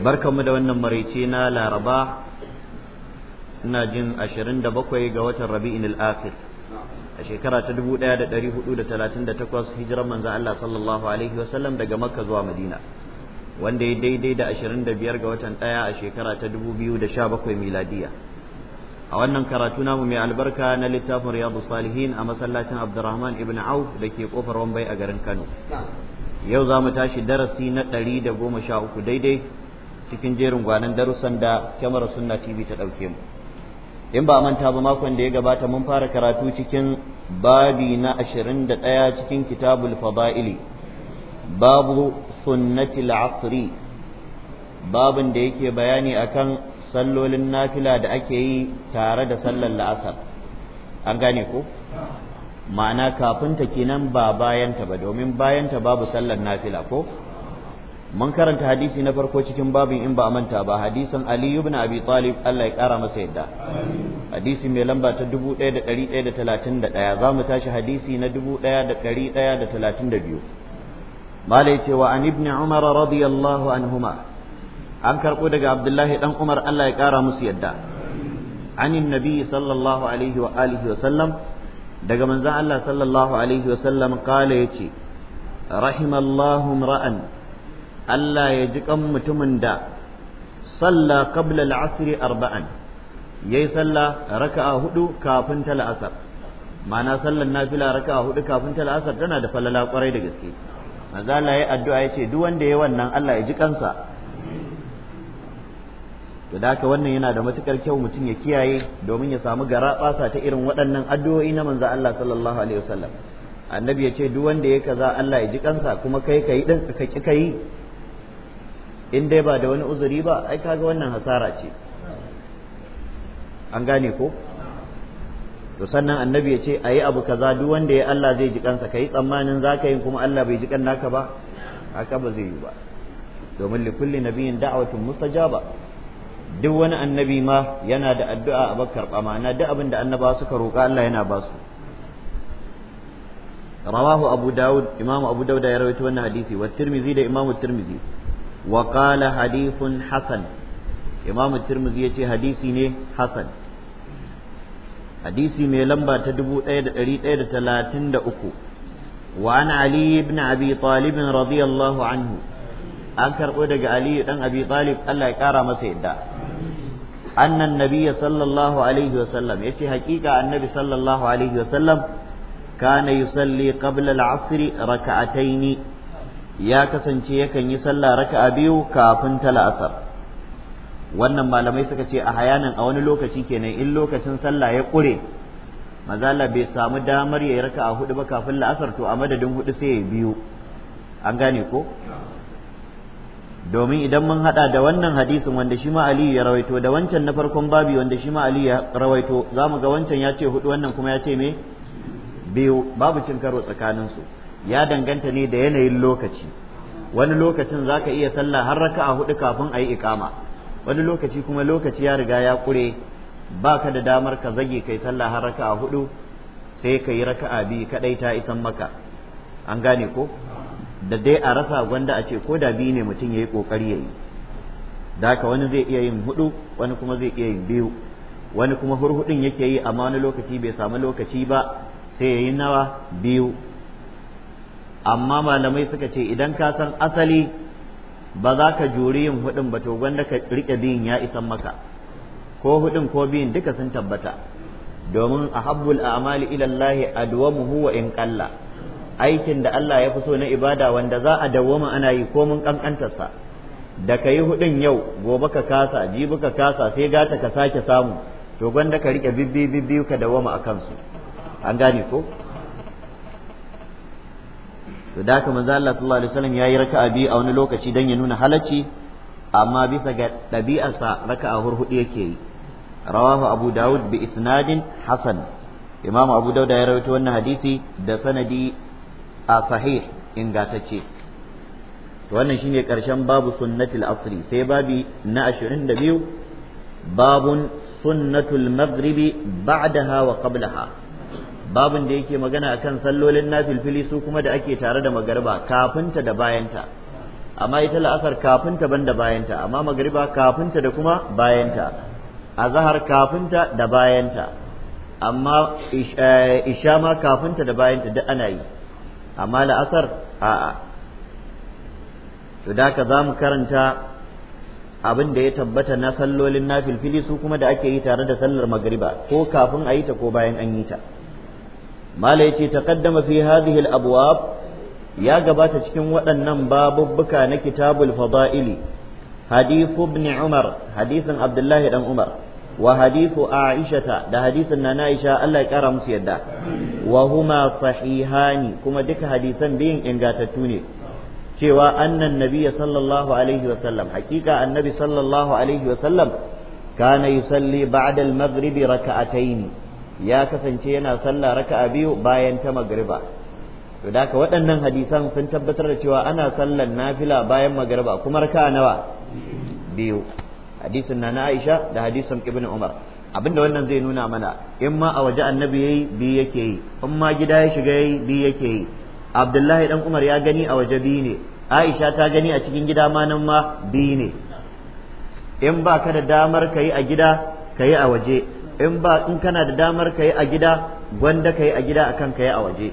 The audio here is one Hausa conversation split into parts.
barkanmu da wannan maraice na laraba ina jin 27 ga watan rabi'in al a shekara ta 1438 hijirar manzo Allah sallallahu alaihi wasallam daga makka zuwa madina wanda ya daidai da 25 ga watan ɗaya a shekara ta 2017 miladiya a wannan karatu namu mai albarka na littafin riyadu salihin a masallacin abdurrahman ibn auf da ke kofar wambai a garin kano yau za mu tashi darasi na 113 daidai cikin jerin gwanan darussan da kyamara sunna tv ta ɗauke mu in ba manta ba makon da ya gabata mun fara karatu cikin babi na ashirin da ɗaya cikin kitabul fada'ili babu sunnatil asri babin da yake bayani akan sallolin nafila da ake yi tare da sallar la'asar an gane ko ma'ana kafin ta kenan ba bayanta ba domin bayanta babu sallar nafila ko mun karanta hadisi na farko cikin babin in ba a manta ba hadisin Ali ibn Abi Talib Allah ya kara masa yadda hadisi mai lamba ta 1131 za mu tashi hadisi na 1132 malai cewa an ibn Umar radiyallahu anhuma an karbo daga Abdullahi dan Umar Allah ya kara musu yadda عن النبي صلى الله عليه وآله وسلم daga manzon Allah sallallahu alaihi wasallam kala yace rahimallahu ra'an Allah ya ji kan mutumin da salla qabla al-asr arba'an yayi salla raka'a hudu kafin ta la'asar ma'ana sallan nafila raka'a hudu kafin ta la'asar tana da falala kwarai da gaske manzo Allah ya addu'a yace duk wanda yayi wannan Allah ya ji kansa to da haka wannan yana da matukar kyau mutum ya kiyaye domin ya samu garaɓasa ta irin waɗannan addu'o'i na manzo Allah sallallahu alaihi wasallam annabi yace ce duk wanda ya kaza Allah ya ji kansa kuma kai kai din ka ki kai in dai ba da wani uzuri ba ai kaga wannan hasara ce an gane ko to sannan annabi ya ce ayi abu kaza duk wanda ya Allah zai ji kansa kai tsammanin zaka yi kuma Allah bai ji kan naka ba haka ba zai yi ba domin li kulli nabiyin da'watun mustajaba duk wani annabi ma yana da addu'a a bakar ba ma'ana duk abin da annaba suka roƙa Allah yana ba su rawahu abu daud imamu abu dauda ya rawaito wannan hadisi wa tirmizi da imamu tirmizi wa qala hadithun hasan imamu tirmidhi yace hadisi ne hasan hadisi mai lamba ta 1133 wa an ali ibn abi talib radiyallahu anhu an karbo daga aliyu dan abi talib Allah ya kara masa yadda annan nabiya sallallahu alaihi wa sallam ce hakika annabi sallallahu alaihi wa sallam kana yusalli qabla al-asr raka'ataini ya kasance yakan yi sallah raka'a biyu kafin ta la'asar wannan malamai suka ce a hayanin a wani lokaci kenan in lokacin sallah ya ƙure mazala bai samu damar ya yi raka'a hudu ba kafin la'asar to a madadin hudu sai ya biyu an gane ko domin idan mun hada da wannan hadisin wanda shi ma Aliyu ya rawaito da wancan na farkon babi wanda shi ma Aliyu ya rawaito za mu ga wancan ya ce hudu wannan kuma ya ce me biyu babu cin karo su ya danganta ne da yanayin lokaci wani lokacin za ka iya sallah har raka'a hudu kafin a yi ikama wani lokaci kuma lokaci ya riga ya kure ba ka da damar ka zage kai sallah har raka'a hudu sai ka yi raka'a biyu kadai ta isan maka an gane ko da dai a rasa gwanda a ce ko da biyu ne mutum ya yi kokari ya yi da haka wani zai iya yin hudu wani kuma zai iya yin biyu wani kuma hurhudin yake yi amma wani lokaci bai samu lokaci ba sai ya yi nawa biyu amma malamai suka ce idan ka san asali ba za ka juri yin hudun ba to gwanda ka rike biyun ya isan maka ko hudun ko biyun duka sun tabbata domin a habbul a'mali ila Allah adwamuhu wa in qalla aikin da Allah ya fi so na ibada wanda za a dawwama ana yi ko mun kankantarsa da ka yi hudun yau gobe ka kasa jibi ka kasa sai gata ka sake samu to gwanda ka rike bibbi bibbi ka dawwama akan su an gane ko to da haka manzo Allah sallallahu alaihi wasallam yayi raka'a biyu a wani lokaci dan ya nuna halacci amma bisa ga ɗabi'arsa raka'a hurhudu yake yi rawahu abu daud bi isnadin hasan imam abu daud ya rawaito wannan hadisi da sanadi a sahih ingatacce to wannan shine karshen babu sunnatul asri sai babi na 22 babun sunnatul maghribi ba'daha wa qablaha babin da yake magana akan sallolin nafilfili su kuma da ake tare da magariba kafinta da bayanta amma ita la'asar kafinta ban da bayanta amma magariba kafinta da kuma bayanta azhar kafinta da bayanta amma eh, isha ma kafinta da bayanta duk ana yi amma la'asar a'a to da ka za mu karanta abin da ya tabbata na sallolin nafilfili su kuma da ake yi tare da sallar magariba ko kafin a yi ta ko bayan an yi ta mala yace taqaddama fi hadhihi al-abwab ya gabata cikin waɗannan babubbuka na kitabul fada'ili hadithu ibn umar hadisin abdullahi dan umar wa hadithu aishata da hadisin na aisha Allah ya kara musu yadda wa huma sahihani kuma duka hadisan biyun ingantattu ne cewa annan nabiyya sallallahu alaihi wa sallam hakika annabi sallallahu alaihi wa sallam kana yusalli ba'da al-maghribi raka'ataini ya kasance yana sallah raka'a biyu bayan ta magriba to da haka waɗannan hadisan sun tabbatar da cewa ana sallan nafila bayan magriba kuma raka'a nawa biyu hadisin na na Aisha da hadisin Ibn Umar abinda wannan zai nuna mana in ma a waje annabi yayi biyu yake yi in ma gida ya shiga yayi biyu yake yi Abdullahi dan Umar ya gani a waje biyu ne Aisha ta gani a cikin gida ma nan ma biyu ne in ba ka da damar ka yi a gida ka yi a waje in ba in kana da damar ka yi a gida gwanda ka yi a gida akan ka yi a waje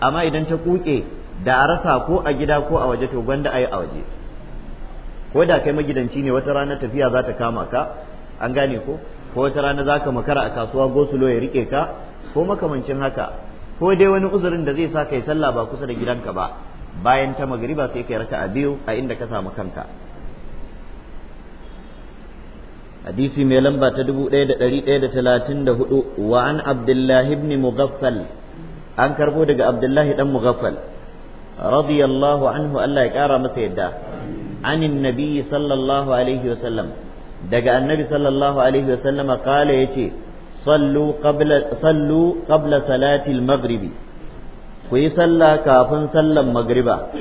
amma idan ta kuke da a rasa ko a gida ko a waje to gwanda a yi a waje ko da kai magidanci ne wata rana tafiya za ta kama ka an gane ko ko wata rana za ka makara a kasuwa gosulo ya rike ka ko makamancin haka ko dai wani uzurin da zai sa ka yi sallah ba kusa da gidanka ba bayan ta magariba sai ka raka a biyu a inda ka samu kanka hadisi mai lamba ta dubu 1134 wa an abdullahi ibn mughaffal an karbo daga abdullahi dan mughaffal radiyallahu anhu Allah ya kara masa yadda anin nabi sallallahu alaihi wasallam daga annabi sallallahu alaihi wasallam kala yace sallu qabla sallu qabla salati maghribi ku sallah kafin sallan magriba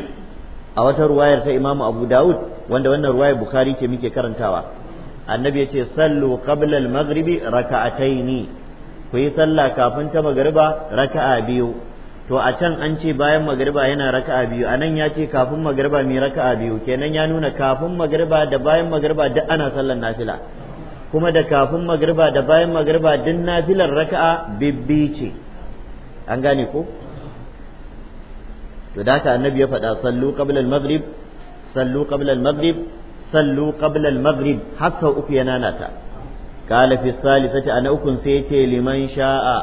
a wata ruwayar ta imamu abu dawud wanda wannan ruwayar bukhari ce muke karantawa annabi ce sallu qabla al-maghribi raka'ataini ku yi sallah kafin ta magriba raka'a biyu to a can an ce bayan magriba yana raka'a biyu anan ya ce kafin magriba mai raka'a biyu kenan ya nuna kafin magriba da bayan magriba duk ana sallar nafila kuma da kafin magriba da bayan magriba duk nafilar raka'a bibbi ce an gane ko to da ta annabi ya faɗa sallu qabla al-maghrib sallu qabla al-maghrib sallu qabla al-maghrib har sau uku ya nanata kala fi salisati ana ukun sai yace liman sha'a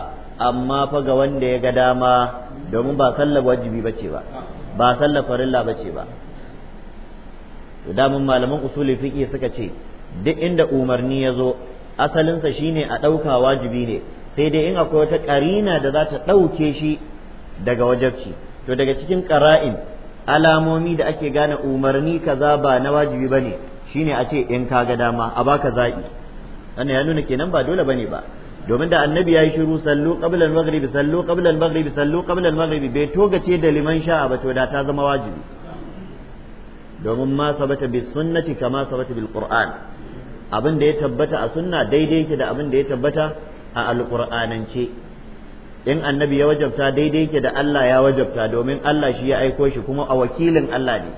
amma fa ga wanda ya ga dama domin ba sallar wajibi bace ba ba sallar farilla bace ba to damun malaman usuli fiqi suka ce duk inda umarni ya zo asalinsa shine a ɗauka wajibi ne sai dai in akwai wata ƙarina da za ta ɗauke shi daga wajabci to daga cikin ƙara'in alamomi da ake gane umarni kaza ba na wajibi bane shine a ce in ka ga dama a baka zaɓi wannan ya nuna kenan ba dole bane ba domin da annabi ya yi shiru sallu qablan al-maghrib sallu qablan al-maghrib sallu qablan maghrib bai togace da liman sha'a ba to da ta zama wajibi domin ma sabata bi sunnati kama sabata bil qur'an abin da ya tabbata a sunna daidai yake da abin da ya tabbata a alqur'anance in annabi ya wajabta daidai yake da Allah ya wajabta domin Allah shi ya aiko shi kuma a wakilin Allah ne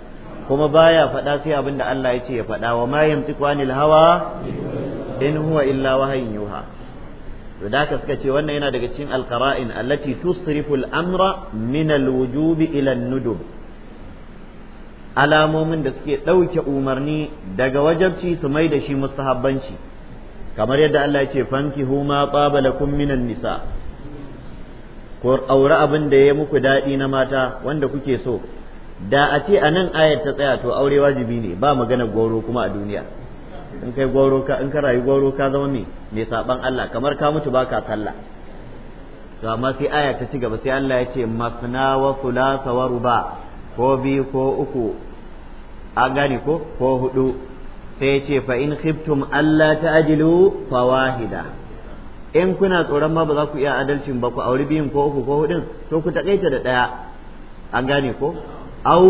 kuma baya faɗa sai abin da Allah ya ce ya faɗa wa ma yamtiqu hawa in huwa illa wahayin yuha to da suka ce wannan yana daga cikin alqara'in allati tusrifu al-amra min al-wujubi ila an-nudub alamomin da suke ɗauke umarni daga wajabci su mai da shi mustahabbanci kamar yadda Allah ya ce huma ma qabalakum minan nisa' ko aure abin da ya muku daɗi na mata wanda kuke so da a ce a nan ayar ta tsaya to aure wajibi ne ba magana goro kuma a duniya in kai goro ka in ka rayu goro ka zama me mai saban Allah kamar ka mutu baka sallah to amma sai aya ta ci gaba sai Allah ya ce masna wa thulatha wa ruba ko bi ko uku a gani ko ko hudu sai ya ce fa in khiftum alla ta'jilu fawahida in kuna tsoron ma ba za ku iya adalcin ba ku auri biyun ko uku ko hudun to ku takaita da ɗaya an gane ko au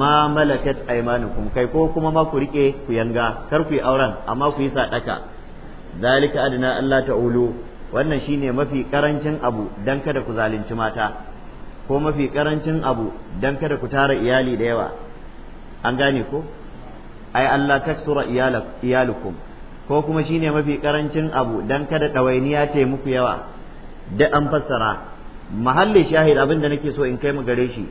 ma malakat aymanukum kai ko kuma ma ku rike ku yanga kar ku yi auren amma ku yi sadaka zalika adna Allah ta'ulu wannan shine mafi karancin abu dan kada ku zalunci mata ko mafi karancin abu dan kada ku tara iyali da yawa an gane ko ai Allah taksura iyalukum ko kuma shine mafi karancin abu dan kada ɗawainiya ta muku yawa da an fassara mahalli shahid abin da nake so in kai mu gare shi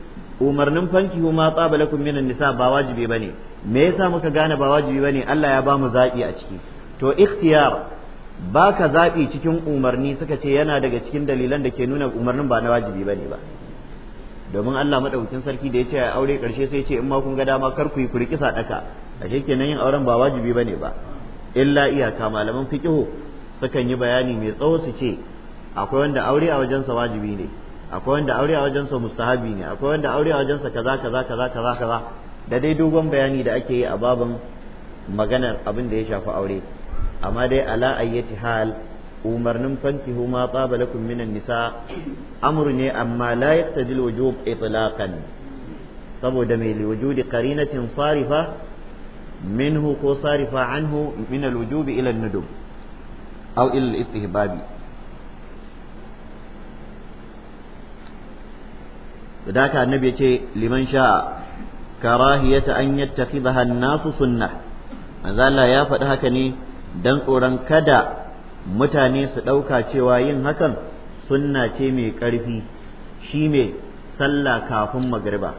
umarnin fanki ma tsaba lakum minan nisa ba wajibi bane me yasa muka gane ba wajibi bane Allah ya ba mu zabi a ciki to ikhtiyar baka zabi cikin umarni suka ce yana daga cikin dalilan da ke nuna umarnin ba na wajibi bane ba domin Allah madaukakin sarki da ya ce a aure karshe sai ce in ma kun ga dama kar ku yi ku daka ashe kenan yin auren ba wajibi bane ba illa iyaka malaman fiqihu sukan yi bayani mai tsawo su ce akwai wanda aure a wajensa wajibi ne akwai wanda aure a wajensa mustahabi ne akwai wanda aure a wajensa kaza kaza kaza kaza kaza da dai dogon bayani da ake yi a babin maganar abin da ya shafi aure amma dai ala ayyati hal umarnin fantihu ma tsaba lakum minan nisa amru ne amma la yaqtadil wujub itlaqan saboda mai wujudi qarinatin sarifa minhu ko sarifa anhu min al-wujub ila an-nudub aw ila al-istihbab da haka annabi ce liman sha'a karahiyata an yattakhidha an sunna. sunnah manzo ya faɗi haka ne dan tsoron kada mutane su ɗauka cewa yin hakan sunna ce mai ƙarfi shi mai sallah kafin magriba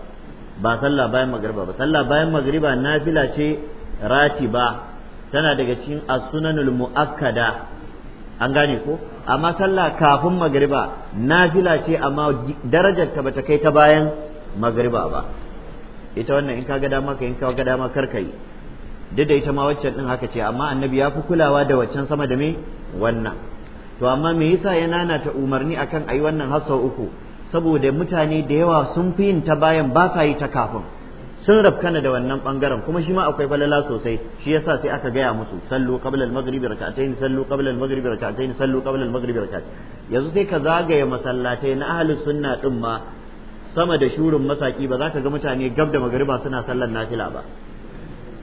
ba sallah bayan magriba ba sallah bayan magriba nafila ce ratiba tana daga cikin as-sunanul muakkada an gane ko amma sallah kafin magriba nafila ce amma darajar ta bata kai ta bayan magriba ba ita wannan in ka dama ka in kaga dama kar kai duk da ita ma waccan din haka ce amma annabi ya fi kulawa da waccan sama da me wannan to amma me yasa ya nana ta umarni akan ayi wannan hasau uku saboda mutane da yawa sun fi yin ta bayan ba sa yi ta kafin sun rafkana da wannan bangaren kuma shi ma akwai falala sosai shi yasa sai aka gaya musu sallu qabla al-maghrib rak'atayn sallu qabla al-maghrib rak'atayn sallu qabla al-maghrib rak'atayn yanzu sai ka zagaye masallatai na ahlus sunna din ma sama da shurun masaki ba za ka ga mutane gab da magriba suna sallar nafila ba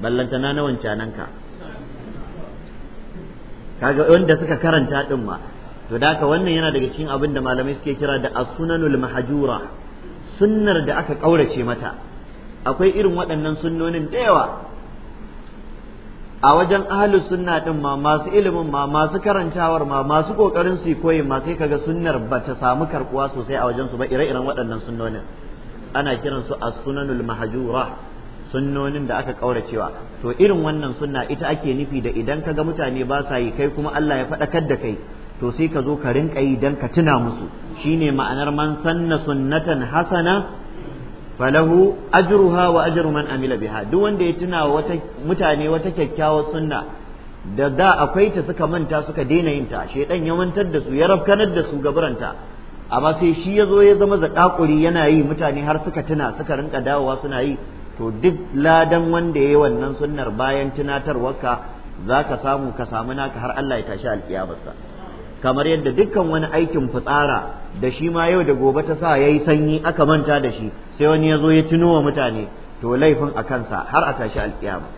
ballantana na wancananka kaga wanda suka karanta din ma to da wannan yana daga cikin abin da malamai suke kira da as-sunanul mahjura sunnar da aka kaurace mata akwai irin waɗannan sunnonin da yawa a wajen ahlus sunna din ma masu ilimin ma masu karantawar ma masu kokarin su koyi ma sai kaga sunnar ta samu karkuwa sosai a wajen su ba ire-iren waɗannan sunnonin ana kiran su as-sunanul mahjura sunnonin da aka cewa to irin wannan sunna ita ake nufi da idan kaga mutane ba sa yi kai kuma Allah ya faɗakar da kai to sai ka zo ka rinka yi dan ka tuna musu shine ma'anar man sanna sunnatan hasana falahu ajruha wa ajru man amila biha duk wanda ya tuna wata mutane wata kyakkyawar sunna da da akwai ta suka manta suka daina yin ta shedan ya mantar da su ya rafkanar da su gaburanta amma sai shi ya zo ya zama zakakuri yana yi mutane har suka tuna suka rinka dawowa suna yi to duk ladan wanda ya yi wannan sunnar bayan tunatarwarka za ka samu ka samu naka har Allah ya tashi alƙiyamarsa kamar yadda dukkan wani aikin fitsara da shi ma yau da gobe ta sa ya yi sanyi aka manta da shi sai wani ya zo ya tuno wa mutane to laifin a kansa har a tashi alkiyama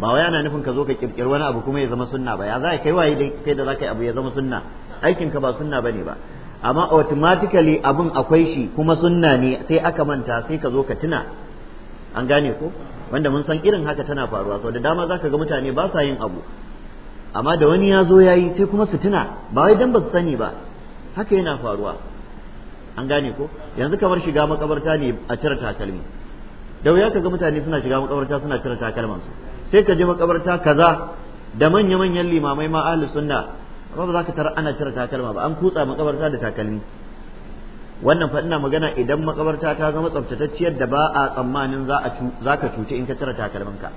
ba wai ana nufin ka zo ka kirkiri wani abu kuma ya zama sunna ba ya za kai waye kai da za ka yi abu ya zama sunna aikin ka ba sunna bane ba amma automatically abun akwai shi kuma sunna ne sai aka manta sai ka zo ka tuna an gane ko wanda mun san irin haka tana faruwa sau da dama zaka ga mutane ba sa yin abu amma da wani ya zo ya yi sai kuma su tuna ba wai dan ba su sani ba haka yana faruwa an gane ko yanzu kamar shiga makabarta ne a cire takalmi da wuya kaga mutane suna shiga makabarta suna cire takalman su sai ka je makabarta kaza da manya manyan limamai ma ahli sunna ba za ka tarar ana cire takalma ba an kutsa makabarta da takalmi wannan fa ina magana idan makabarta ta zama tsaftatacciyar da ba a tsammanin za a za ka cuce in ka cire takalminka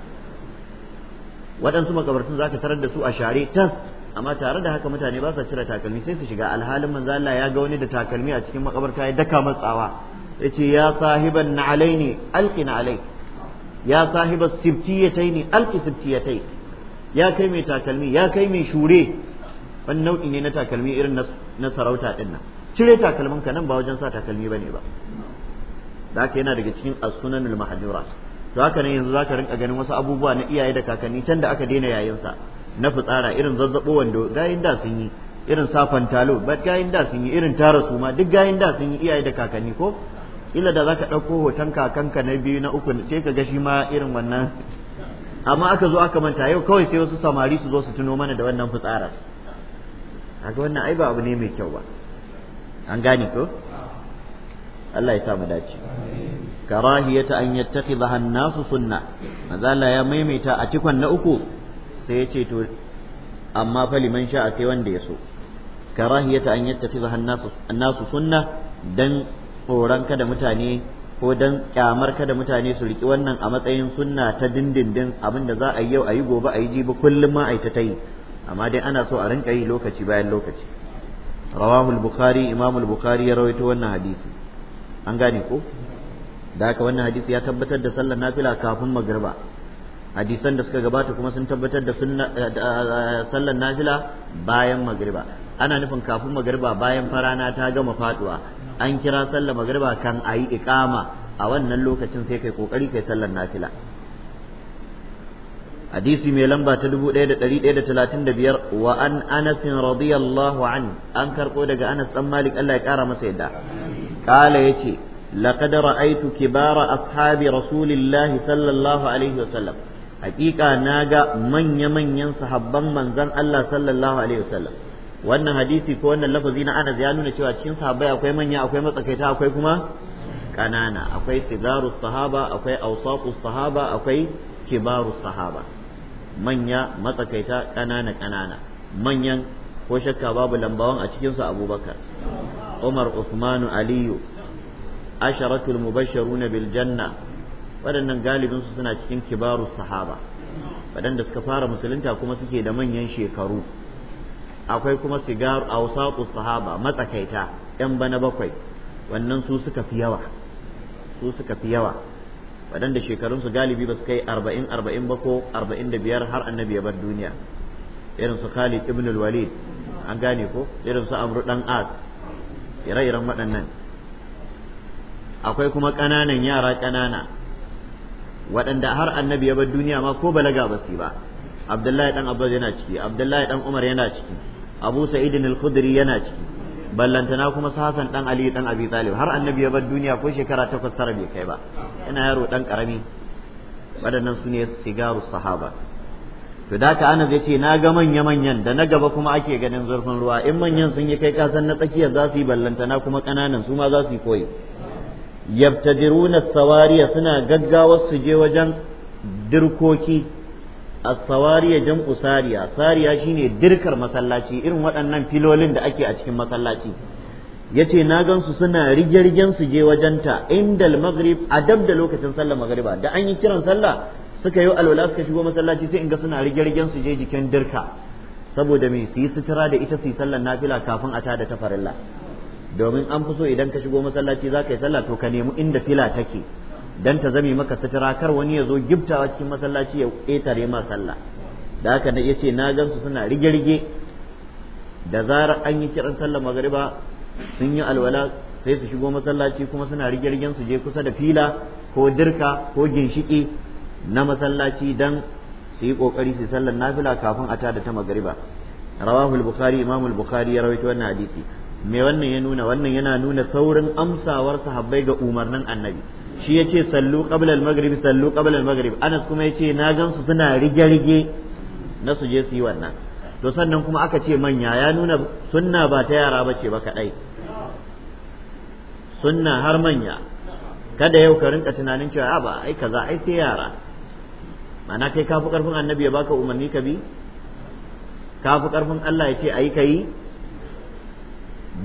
waɗansu makabartun za ka tarar da su a share tas amma tare da haka mutane ba sa cire takalmi sai su shiga alhalin manzo Allah ya ga wani da takalmi a cikin makabarta ya daka matsawa yace ya sahiban na alaini alai ya sahiba sibtiyataini alqi sibtiyatai ya kai mai takalmi ya kai mai shure wani nau'i ne na takalmi irin na sarauta din nan cire takalmin ka nan ba wajen sa takalmi bane ba da haka yana daga cikin as-sunanul mahdura to haka ne yanzu zaka rinka ganin wasu abubuwa na iyaye da kakanni can da aka daina yayin sa na fitsara irin zazzabo wando gayin da sun yi irin safan talo ba gayin da sun yi irin tara su ma duk gayin da sun yi iyaye da kakanni ko ila da zaka ɗauko hoton kakanka na biyu na uku sai ka ga shi ma irin wannan amma aka zo aka manta yau kawai sai wasu samari su zo su tuno mana da wannan fitsara kaga wannan ai ba abu ne mai kyau ba an gane ko Allah ya sa mu dace karahiyata an yattakhidha an-nasu sunna mazala ya maimaita a cikon na uku sai ya ce to amma fa liman sha'a sai wanda ya so karahiyata an yattakhidha an-nasu sunna dan tsoron kada mutane ko dan kyamar kada mutane su riki wannan a matsayin sunna ta dindindin abinda za a yi yau a yi gobe a yi jibi kullum ma ta yi amma dai ana so a rinka yi lokaci bayan lokaci rawahul bukhari imamul bukhari ya rawaito wannan hadisi an gane ko da haka wannan hadisi ya tabbatar da sallar nafila kafin magriba hadisan da suka gabata kuma sun tabbatar da eh, eh, sallar nafila bayan magriba ana nufin kafin magriba bayan farana ta gama faduwa an kira sallar magriba kan ayi iqama a wannan lokacin sai kai kokari kai sallar nafila hadisi mai lamba ta dubu da 1135 wa an Anas radiyallahu an an karbo daga Anas dan Malik Allah ya kara masa yadda kala yace laqad ra'aytu kibara ashabi rasulillahi sallallahu alaihi wasallam hakika ga manya-manyan sahabban manzon Allah sallallahu alaihi wasallam wannan hadisi ko wannan lafazi na Anas ya nuna cewa cikin sahabbai akwai manya akwai matsakaita akwai kuma Ƙanana. akwai sigaru sahaba akwai ausaqu sahaba akwai kibaru sahaba manya matsakaita kanana kanana manyan ko shakka babu lambawan a cikin su Abubakar Umar Usmanu, Aliyu asharatul mubashshiruna bil janna waɗannan galibin su suna cikin kibaru sahaba waɗanda suka fara musulunta kuma suke da manyan shekaru akwai kuma sigar ausaqus sahaba matsakaita ɗan bana bakwai wannan su suka fi yawa su suka fi yawa waɗanda shekarunsu galibi ba su kai arba'in arba'in ba ko arba'in da biyar har annabi ya bar duniya irin su khalid ibn al walid an gane ko irin su Amr dan as ire-iren waɗannan akwai kuma ƙananan yara ƙanana waɗanda har annabi ya bar duniya ma ko balaga ba su ba abdullahi dan abbas yana ciki abdullahi dan umar yana ciki abu sa'id al-khudri yana ciki ballantana kuma sahasan dan ali dan abi talib har annabi ya bar duniya ko shekara takwas tara bai kai ba yana yaro dan karami waɗannan su ne sigaru sahaba to da ka anas ce na ga manya manyan da na gaba kuma ake ganin zurfin ruwa in manyan sun yi kai kasan na tsakiyar za su yi ballantana kuma kananan su ma za su yi koyi yabtadiruna sawariya suna gaggawa su je wajen dirkoki as-sawariya jam'u sariya sariya shine dirkar masallaci irin waɗannan filolin da ake a cikin masallaci yace na gansu suna rigirgen su je wajenta indal maghrib a dab da lokacin sallar magriba da an yi kiran sallah suka yi alwala suka shigo masallaci sai in ga suna rigirgen su je jikin dirka saboda me su yi sutura da ita su yi sallar nafila kafin a tada ta farilla domin an fi so idan ka shigo masallaci za ka yi sallah to ka nemi inda fila take dan ta zame maka sutura kar wani ya zo giftawa cikin masallaci ya ƙetare ma sallah da haka ya ce na gansu suna rige-rige da zarar an yi kiran sallah magariba sun yi alwala sai su shigo masallaci kuma suna rige-rigen su je kusa da fila ko dirka ko ginshiki na masallaci dan su yi kokari su sallar nafila kafin a tada ta magariba rawahu al-bukhari imam bukhari ya rawaito wannan hadisi me wannan ya nuna wannan yana nuna saurin amsawar sahabbai ga umarnin annabi shi yace sallu qabla al-maghrib sallu qabla al Anas kuma ya ce na gansu suna rige-rige na su je su yi wannan to sannan kuma aka ce manya ya nuna sunna ba ta yara ba ce ba kadai sunna har manya kada yau ka rinka tunanin cewa a ba ai kaza ai sai yara ma'ana kai kafi karfin annabi ya baka umarni ka bi kafi karfin Allah ya ce ayi yi.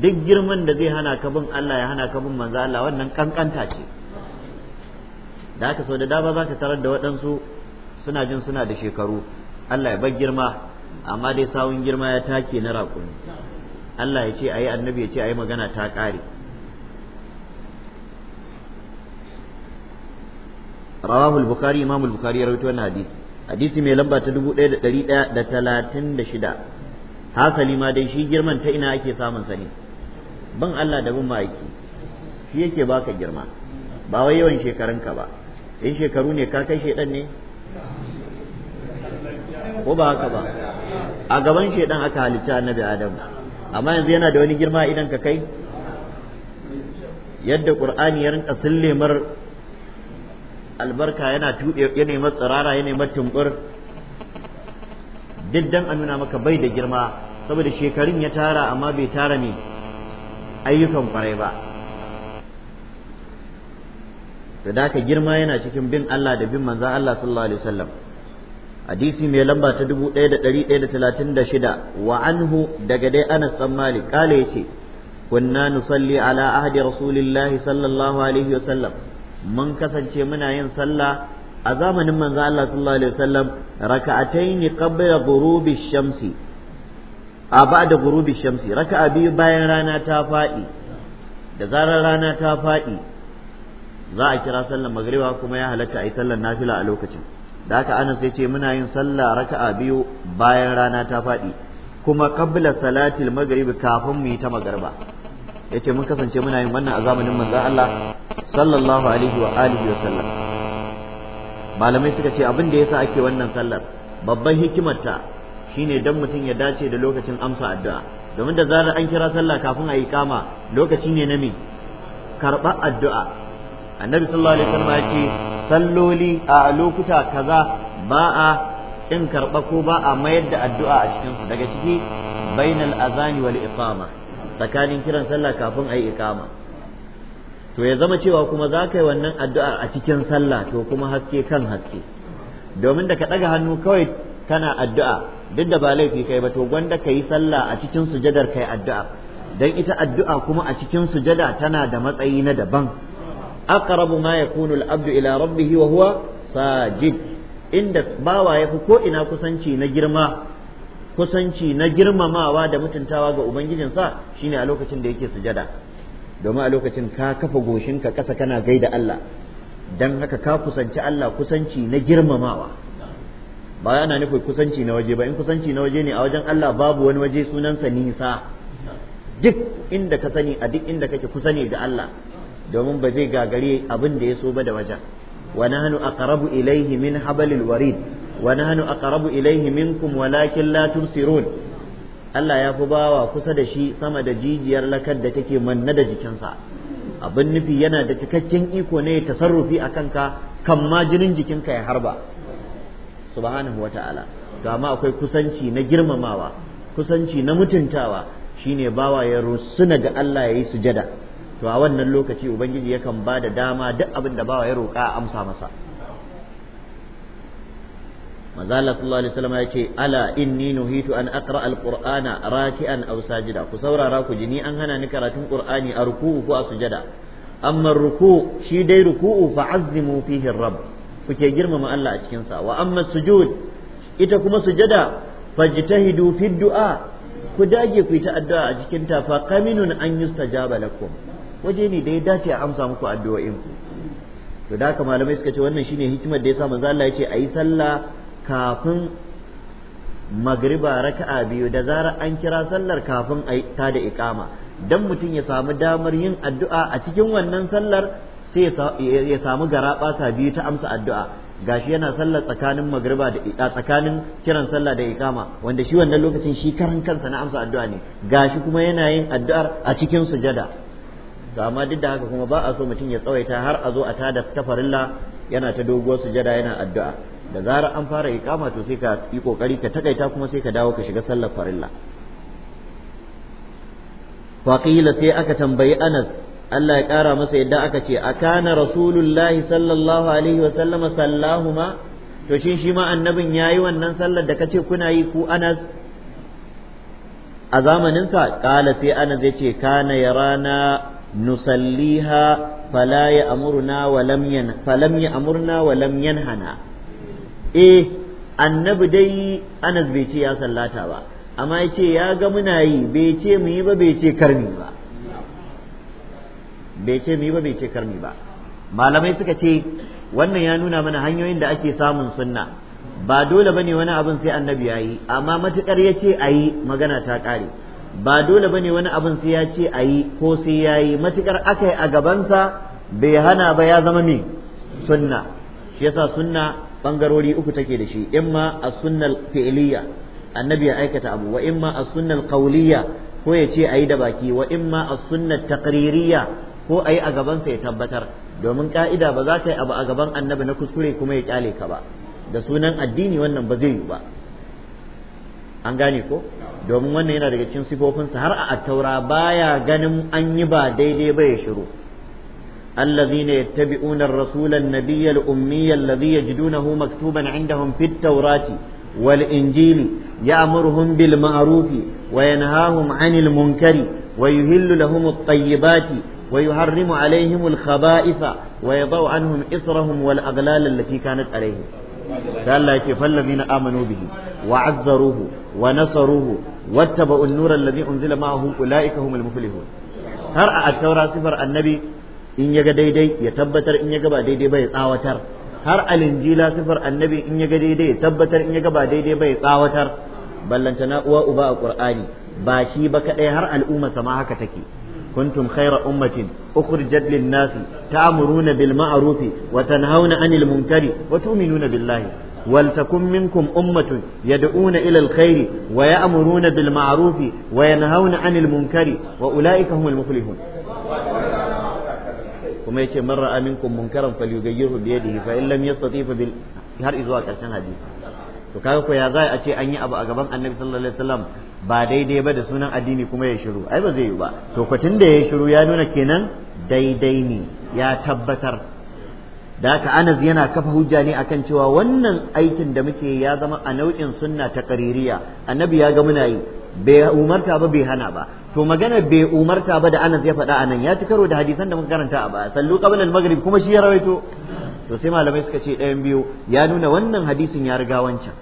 duk girman da zai hana ka bin Allah ya hana ka bin manzo Allah wannan kankanta ce da haka so da dama za ka tarar da waɗansu suna jin suna da shekaru Allah ya bar girma amma dai sawun girma ya take na raƙumi Allah ya ce a yi annabi ya ce a yi magana ta ƙare rawahul bukhari imamul bukhari ya rawaito wannan hadisi hadisi mai lamba ta dubu ɗaya da ɗari ɗaya da talatin da shida hasali ma dai shi girman ta ina ake samun sa ne Ban Allah da bin ma'aiki shi yake baka girma ba wai yawan shekarunka ba in shekaru ne ka kai shaidan ne ko ba haka ba a gaban shaidan aka halicci annabi adam amma yanzu yana da wani girma idan ka kai yadda qur'ani ya rinka lemar albarka yana tuɗe ya nemi tsirara ya nemi tumbur duk dan a nuna maka bai da girma saboda shekarun ya tara amma bai tara ne ayyukan kwarai ba da daka girma yana cikin bin Allah da bin manzan Allah sallallahu alaihi wasallam hadisi mai lamba ta 1136 wa anhu daga dai Anas dan Malik kale yace kunna nusalli ala ahdi rasulillahi sallallahu alaihi wasallam mun kasance muna yin sallah a zamanin manzo Allah sallallahu alaihi wasallam raka'atayn qabla ghurubi shamsi a ba da gurubi shamsi raka'a biyu bayan rana ta faɗi da zarar rana ta faɗi za a kira sallar magriba kuma ya halatta a yi sallar nafila a lokacin da haka anas ya ce muna yin sallah raka'a biyu bayan rana ta faɗi kuma qabla salatil maghrib kafin mu yi ta magriba yace mun kasance muna yin wannan a zamanin manzon Allah sallallahu alaihi wa alihi wa sallam malamai suka ce abin da yasa ake wannan sallar babban hikimarta shine dan mutum ya dace da lokacin amsa addu'a domin da zarar an kira sallah kafin a yi kama lokaci ne na me karɓar addu'a annabi sallallahu alaihi wasallam ya ce salloli a lokuta kaza ba a in karɓa ko ba a mayar da addu'a a cikin su daga ciki bainal azani wal iqama tsakanin kiran sallah kafin a yi iqama to ya zama cewa kuma za ka yi wannan addu'a a cikin sallah to kuma haske kan haske domin da ka ɗaga hannu kawai kana addu'a duk da ba laifi kai ba to gwanda ka yi sallah a cikin sujadar kai addu'a dan ita addu'a kuma a cikin sujada tana da matsayi na daban aqrabu ma yakunu al-abdu ila rabbih wa huwa sajid inda bawa yafi ko ina kusanci na girma kusanci na girmamawa da mutuntawa ga ubangijinsa shine a lokacin da yake sujada domin a lokacin ka kafa goshin ka kasa kana gaida Allah dan haka ka kusanci Allah kusanci na girmamawa ba yana nufin kusanci na waje ba in kusanci na waje ne a wajen Allah babu wani waje sunansa nisa duk inda ka sani a duk inda kake kusa ne ga Allah domin ba zai gagare abin da ya so ba da wajen wa nahnu aqrabu ilayhi min hablil warid wa nahnu aqrabu ilayhi minkum walakin la tubsirun Allah ya fi bawa kusa da shi sama da jijiyar lakar da take manna da jikinsa abin nufi yana da cikakken iko ne tasarrufi a kanka kan ma jinin jikinka ya harba subhanahu wata'ala to amma akwai kusanci na girmamawa kusanci na mutuntawa shine bawa ya rusuna ga Allah ya yi sujada to a wannan lokaci ubangiji yakan ba da dama duk abin da bawa ya roƙa a amsa masa mazala sallallahu alaihi wasallam ya ala inni nuhitu an aqra alqur'ana raki'an aw sajida ku saurara ku jini an hana ni karatun qur'ani a ruku'u ko a sujada amma ruku shi dai ruku fa azzimu fihi rabb kuke girmama Allah a cikinsa sa wa amma sujud ita kuma sujada fajtahidu fi du'a ku dage ku yi ta addu'a a cikin ta fa qaminun an yustajaba lakum waje ne da ya dace a amsa muku addu'o'in ku to da haka malamai suka ce wannan shine hikimar da yasa manzo Allah ya ce ayi sallah kafin magriba raka'a biyu da zarar an kira sallar kafin ayi ta da iqama dan mutum ya samu damar yin addu'a a cikin wannan sallar sai ya samu gara ɓata biyu ta amsa addu'a gashi yana sallar tsakanin magriba da tsakanin kiran sallah da ikama wanda shi wannan lokacin shi karan kansa na amsa addu'a ne gashi kuma yana yin addu'ar a cikin sujada to amma duk da haka kuma ba a so mutum ya tsawaita har a zo a tada tafarilla yana ta doguwar sujada yana addu'a da zarar an fara ikama to sai ka yi kokari ka takaita kuma sai ka dawo ka shiga sallar farilla faqila sai aka tambayi Anas Allah ya ƙara masa yadda aka ce a kana rasulullahi sallallahu alaihi wa sallama sallahuma to shin shi ma annabin yayi wannan sallar da kace kuna yi ku Anas a zamaninsa ƙala sai Anas ya ce kana yarana nusalliha fala ya amurna wa lam amurna wa lam eh annabi dai Anas bai ce ya sallata ba amma ya ce ya ga muna yi bai ce mu yi ba bai ce karmi ba bai ce mi ba bai ce karmi ba malamai suka ce wannan ya nuna mana hanyoyin da ake samun sunna ba dole bane wani abin sai annabi ya yi amma matukar ya ce a yi magana ta kare. ba dole bane wani abin sai ya ce a yi ko sai ya yi matukar aka yi a gabansa bai hana ba ya zama mi sunna shi yasa sunna bangarori uku take da shi imma a sunnal fi'liya annabi ya aikata abu wa imma a sunnal qawliya ko ya ce a yi da baki wa imma a sunnat taqririyya ko a yi a gabansa ya tabbatar domin ka'ida ba za ta yi abu a gaban annabi na kuskure kuma ya kyale ka ba da sunan addini wannan ba zai yi ba an gane ko domin wannan yana daga cikin sifofinsa har a attaura baya ganin an yi ba daidai ba ya shiru الذين يتبعون الرسول النبي الأمي الذي يجدونه مكتوبا عندهم في التوراة والإنجيل يأمرهم بالمعروف وينهاهم عن المنكر ويهل لهم الطيبات ويحرم عليهم الخبائث ويضع عنهم إصرهم والأغلال التي كانت عليهم الله يتي فالذين آمنوا به وعذروه ونصروه واتبعوا النور الذي أنزل معه أولئك هم المفلحون هرأ التوراة صفر النبي in ya ga daidai ya tabbatar in ya ga ba daidai ba ya tsawatar har alinjila sifar uwa uba a qur'ani ba shi ba kaɗai har al'umma sama haka take kuntum kaira ummatin ukhrijat lin nas ta'muruna bil ma'ruf wa tanhauna 'anil munkari wa tu'minuna billahi ولتكن منكم أمة يدعون إلى الخير ويأمرون بالمعروف وينهون عن المنكر وأولئك هم المفلحون kuma yace man ra'a minkum munkaran falyughayyirhu bi yadihi fa in lam yastati fa bil har izuwa karshen hadisi to kaga ko ya za a ce an yi abu a gaban annabi sallallahu alaihi wasallam ba daidai ba da sunan addini kuma ya shiru ai ba zai yi ba to kwatin da ya shiru ya nuna kenan daidai ne ya tabbatar da haka anas yana kafa hujja ne akan cewa wannan aikin da muke ya zama a nau'in sunna ta kaririya annabi ya ga muna yi bai umarta ba bai hana ba to magana bai umarta ba da anas ya faɗa anan ya ci karo da hadisan da muka karanta a baya sallu qabla al-maghrib kuma shi ya rawaito to sai malamai suka ce ɗayan biyu ya nuna wannan hadisin ya riga wancan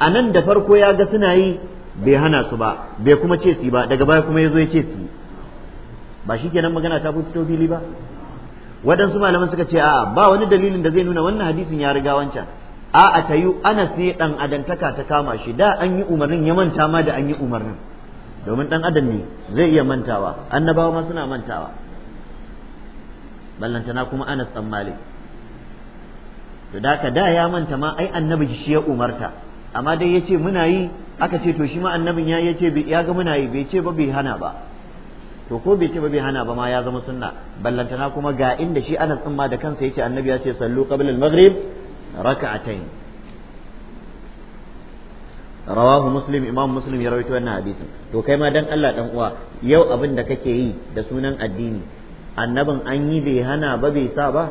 a nan da farko ya ga suna yi bai hana su ba bai kuma ce su ba daga baya kuma ya zo ya ce su ba shi kenan magana ta fito fili ba waɗansu malaman suka ce a'a ba wani dalilin da zai nuna wannan hadisin ya riga wancan a'a ta yi anas ne ɗan adantaka ta kama shi da an yi umarnin ya manta ma da an yi umarnin domin ɗan adam ne zai iya mantawa annabawa ma suna mantawa ballantana kuma anas ɗan malik to da ka da ya manta ma ai annabi shi ya umarta amma dai yace muna yi aka ce to shi ma annabin ya yace ya ga muna yi bai ce ba bai hana ba to ko bai ce ba bai hana ba ma ya zama sunna ballantana kuma ga inda shi Anas din ma da kansa yace annabi ya ce sallu qabla al-maghrib rak'atayn rawahu muslim imam muslim ya rawaito wannan hadisin to kai ma dan Allah dan uwa yau abin da kake yi da sunan addini annabin an yi bai hana ba bai sa ba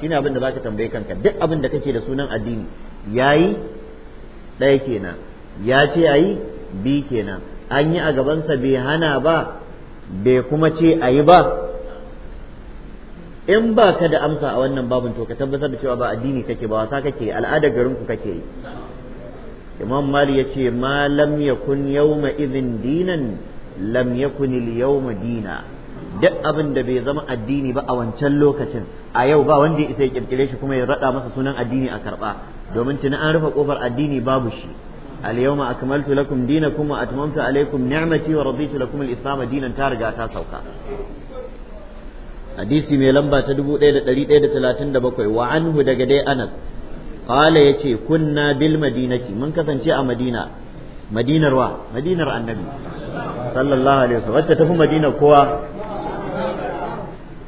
shine abin da zaka tambaye kanka duk abin da kake da sunan addini yayi ɗaya kenan ya ce ayi bi kenan an yi a gabansa bai hana ba bai kuma ce ayi ba in ba ka da amsa a wannan babin to ka tabbatar da cewa ba addini kake ba wasa kake garin ku kake yi imam mali ya ce ma lam yakun yawma idhin dinan lam yakun al yawma dina duk abin da bai zama addini ba a wancan lokacin a yau ba wanda isa ya kirkire shi kuma ya rada masa sunan addini a karba domin tuni an rufe kofar addini babu shi al-yawma akmaltu lakum dinakum wa atmamtu alaykum ni'mati wa raditu lakum al-islam dinan ta riga ta sauka hadisi mai lamba ta 1137 wa anhu daga dai Anas qala yace kunna bil madinati mun kasance a Madina madinar wa madinar annabi sallallahu alaihi wasallam wacce tafi madina kowa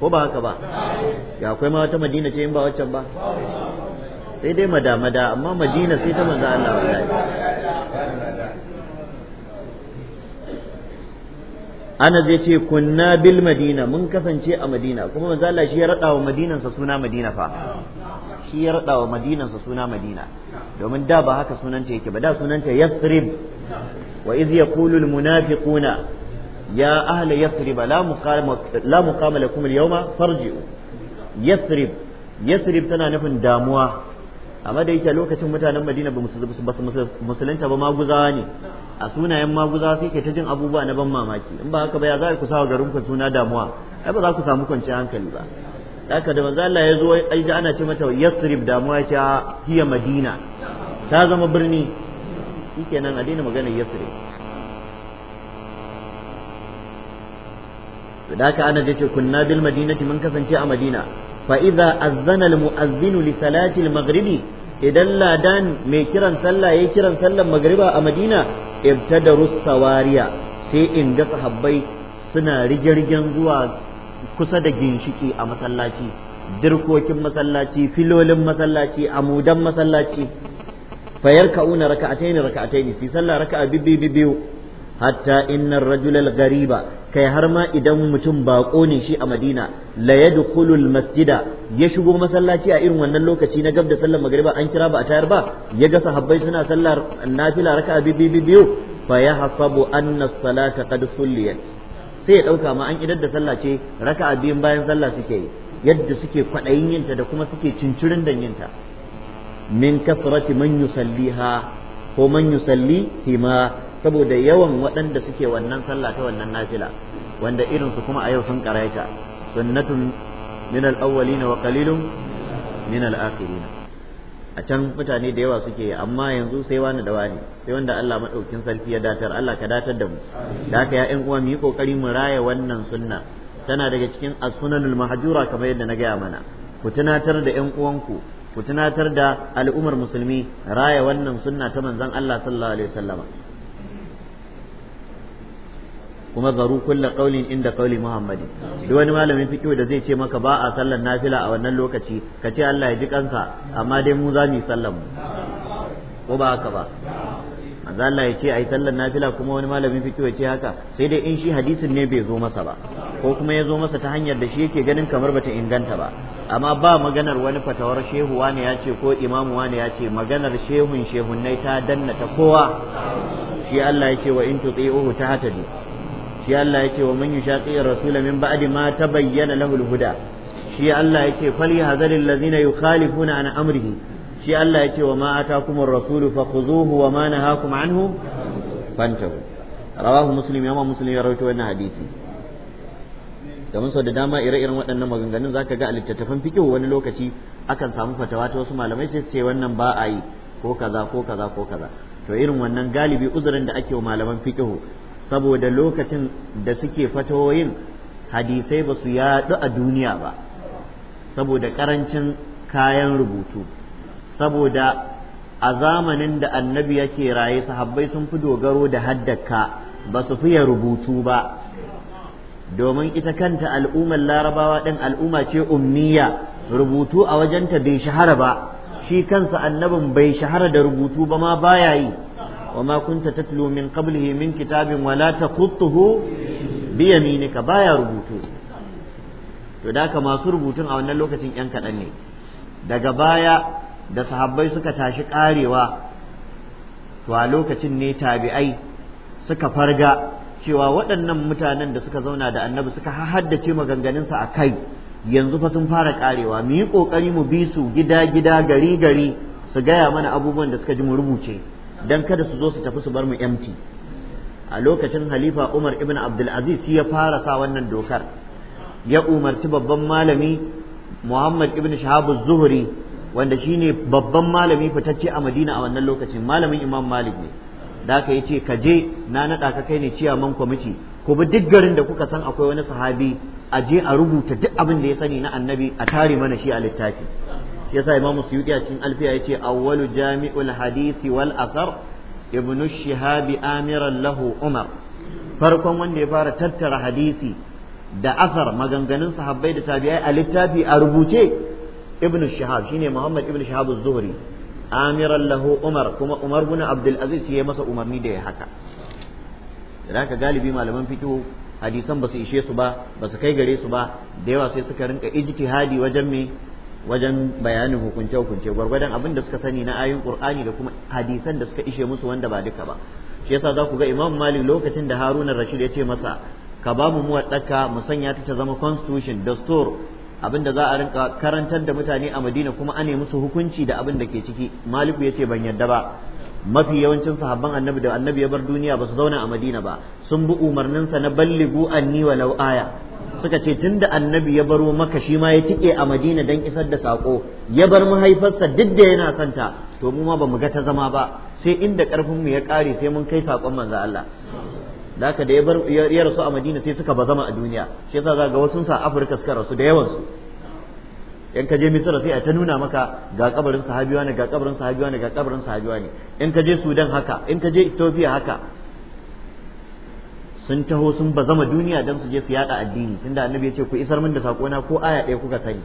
ko ba haka ba ya akwai ma wata madina ce in ba waccan ba sai dai madamada amma madina sai ta manzo Allah wallahi ana zai ce kunna bil madina mun kasance a madina kuma manzo Allah shi ya rada wa madinansa suna madina fa shi ya rada wa madinansa suna madina domin da ba haka sunanta yake ba da sunanta yathrib wa iz yaqulu al munafiquna ya ahala yathrib la muqama la muqama lakum al-yawma farji'u yathrib tana nufin damuwa amma da yake lokacin mutanen Madina ba musulunta ba maguzawa ne a sunayen maguzawa sai ke ta jin abubuwa na ban mamaki in ba haka ba ya za ku garin ku suna damuwa ai ba za ku samu kwanciyar hankali ba haka da manzo Allah ya zo ai ana ce mata yasrib damuwa ya ce hiya madina ta zama birni shikenan a daina magana yasrib da haka ana da ce kunna bil madinati mun kasance a madina fa'iza idza azzana al muazzinu li salati al idan ladan mai kiran sallah yayi kiran sallar magriba a madina ibtadaru sawariya sai in ga sahabbai suna rige-rigen zuwa kusa da ginshiki a masallaci dirkokin masallaci filolin masallaci amudan masallaci fayar ka'una raka'ataini raka'ataini sai sallah raka'a bibbi bibbiyu hatta inna ar-rajula al-ghariba kai har ma idan mutum baƙo ne shi a Madina la yadkhulu al-masjida ya shigo masallaci a irin wannan lokaci na gab da sallar magriba an kira ba a tayar ba ya ga sahabbai suna sallar nafila raka'a biyu biyu fa hasabu anna as-salata qad sulliyat sai ya dauka ma an idar da sallah ce raka'a biyun bayan sallah suke yi yadda suke kwaɗayin yinta da kuma suke cincirin dan yinta min kasrati man yusalliha ko man yusalli hima saboda yawan waɗanda suke wannan sallah ta wannan nafila wanda irin su kuma a yau sun karaita sunnatun min al-awwalina wa qalilun min al-akhirina a can mutane da yawa suke amma yanzu sai wani da wani sai wanda Allah madaukin sarki ya datar Allah ka datar da mu da haka ya ƴan uwa mu yi kokari mu raya wannan sunna tana daga cikin as-sunanul mahjura kamar yadda na gaya mana ku tunatar da ƴan uwanku ku tunatar da al'umar musulmi raya wannan sunna ta manzon Allah sallallahu alaihi wasallama kuma zaru kulla qaulin inda qauli muhammadin duk wani malamin fiqh da zai ce maka ba a sallar nafila a wannan lokaci ka ce Allah ya ji kansa amma dai mu za mu sallar mu ko ba haka ba manzo Allah ya ce ai sallar nafila kuma wani malamin fiqh ya ce haka sai dai in shi hadisin ne bai zo masa ba ko kuma ya zo masa ta hanyar da shi yake ganin kamar bata inganta ba amma ba maganar wani fatawar shehu wani ya ce ko imamu wani ya ce maganar shehun shehunnai ta danna ta kowa shi Allah ya ce wa in tuti'uhu tahtadu shi Allah ya ce wa man yushaqi ar-rasula min ba'di ma tabayyana lahu al-huda shi Allah yake fali hazalil ladzina yukhalifuna an amrihi shi Allah yake wa ma atakum ar-rasulu fakhuzuhu wa ma nahakum anhu fantahu rawahu muslim yamma muslim ya rawaito wannan hadisi domin sau da dama ire-iren waɗannan maganganun zaka ga a littattafan fikihu wani lokaci akan samu fatawa ta wasu malamai sai ce wannan ba a yi ko kaza ko kaza ko kaza to irin wannan galibi uzurin da ake wa malaman fikihu saboda lokacin da suke fatoyin hadisai ba su yaɗu a duniya ba saboda ƙarancin kayan rubutu saboda a zamanin da annabi yake raye sahabbai sun fi dogaro da haddaka ba su fiye rubutu ba domin ita kanta al'ummar larabawa ɗin al'umma ce ummiya rubutu a wajenta bai shahara ba shi kansa annabin bai shahara da rubutu ba ma baya yi وما كنت تتلو من قبله من كتاب ولا تخطه بيمينك بايا ربوتو to da haka masu rubutun a wannan lokacin yan kaɗan ne daga baya da sahabbai suka tashi karewa to a lokacin ne tabi'ai suka farga cewa waɗannan mutanen da suka zauna da annabi suka haddace maganganunsa a kai yanzu fa sun fara ƙarewa mu yi ƙoƙari mu bi su gida gida gari gari su gaya mana abubuwan da suka ji mu rubuce dan kada su zo su tafi su bar mu empty a lokacin halifa Umar ibn Abdulaziz Aziz shi ya fara sa wannan dokar ya umarci babban malami Muhammad ibn Shahab zuhri wanda ne babban malami fitacce a Madina a wannan lokacin malamin Imam Malik ne da aka yace ka je na naɗa ka kai ne ciyaman kwamiti ku bi duk garin da kuka san akwai wani sahabi a je a rubuta duk abin da ya sani na annabi a tare mana shi a littafi yasa imamu suyuti a cikin alfiya ce awwalu jami'ul hadisi wal asar ibn shihab amiran lahu umar farkon wanda ya fara tattara hadisi da asar maganganun sahabbai da tabi'ai a littafi a rubuce ibn shihab shine muhammad ibn shihab az-zuhri amiran lahu umar kuma umar bin abdul aziz ya masa umarni da ya haka da haka galibi malaman fito hadisan ba su ishe su ba ba su kai gare su ba da yawa sai suka rinka ijtihadi wajen me wajen bayanin hukunce hukunce gwargwadon abin da suka sani na ayin qur'ani da kuma hadisan da suka ishe musu wanda ba duka ba shi yasa za ku ga imam malik lokacin da haruna rashid ya ce masa ka ba mu muwaddaka mu sanya ta ta zama constitution dastur abinda za a rinka karantar da mutane a madina kuma ane musu hukunci da abin da ke ciki maliku ya ce ban yadda ba mafi yawancin sahabban annabi da annabi ya bar duniya ba su zauna a madina ba sun bi umarninsa na balligu anni wa lauaya. suka ce tun da annabi ya baro maka shi ma ya tike a madina don isar da sako ya bar mahaifarsa duk da yana santa to mu ma bamu ga ta zama ba sai inda ƙarfinmu ya ƙare sai mun kai saƙon manzo Allah da haka da ya rasu a madina sai suka ba zama a duniya shi yasa za ga wasu sa Afirka suka rasu da yawan su in ka je Misira sai a ta nuna maka ga kabarin sahabiwa ne ga kabarin sahabiwa ne ga kabarin sahabiwa ne in ka je Sudan haka in ka je Ethiopia haka sun taho sun bazama duniya don su je su yada addini tunda annabi ya ce ku isar min da sakona ko aya ɗaya kuka sani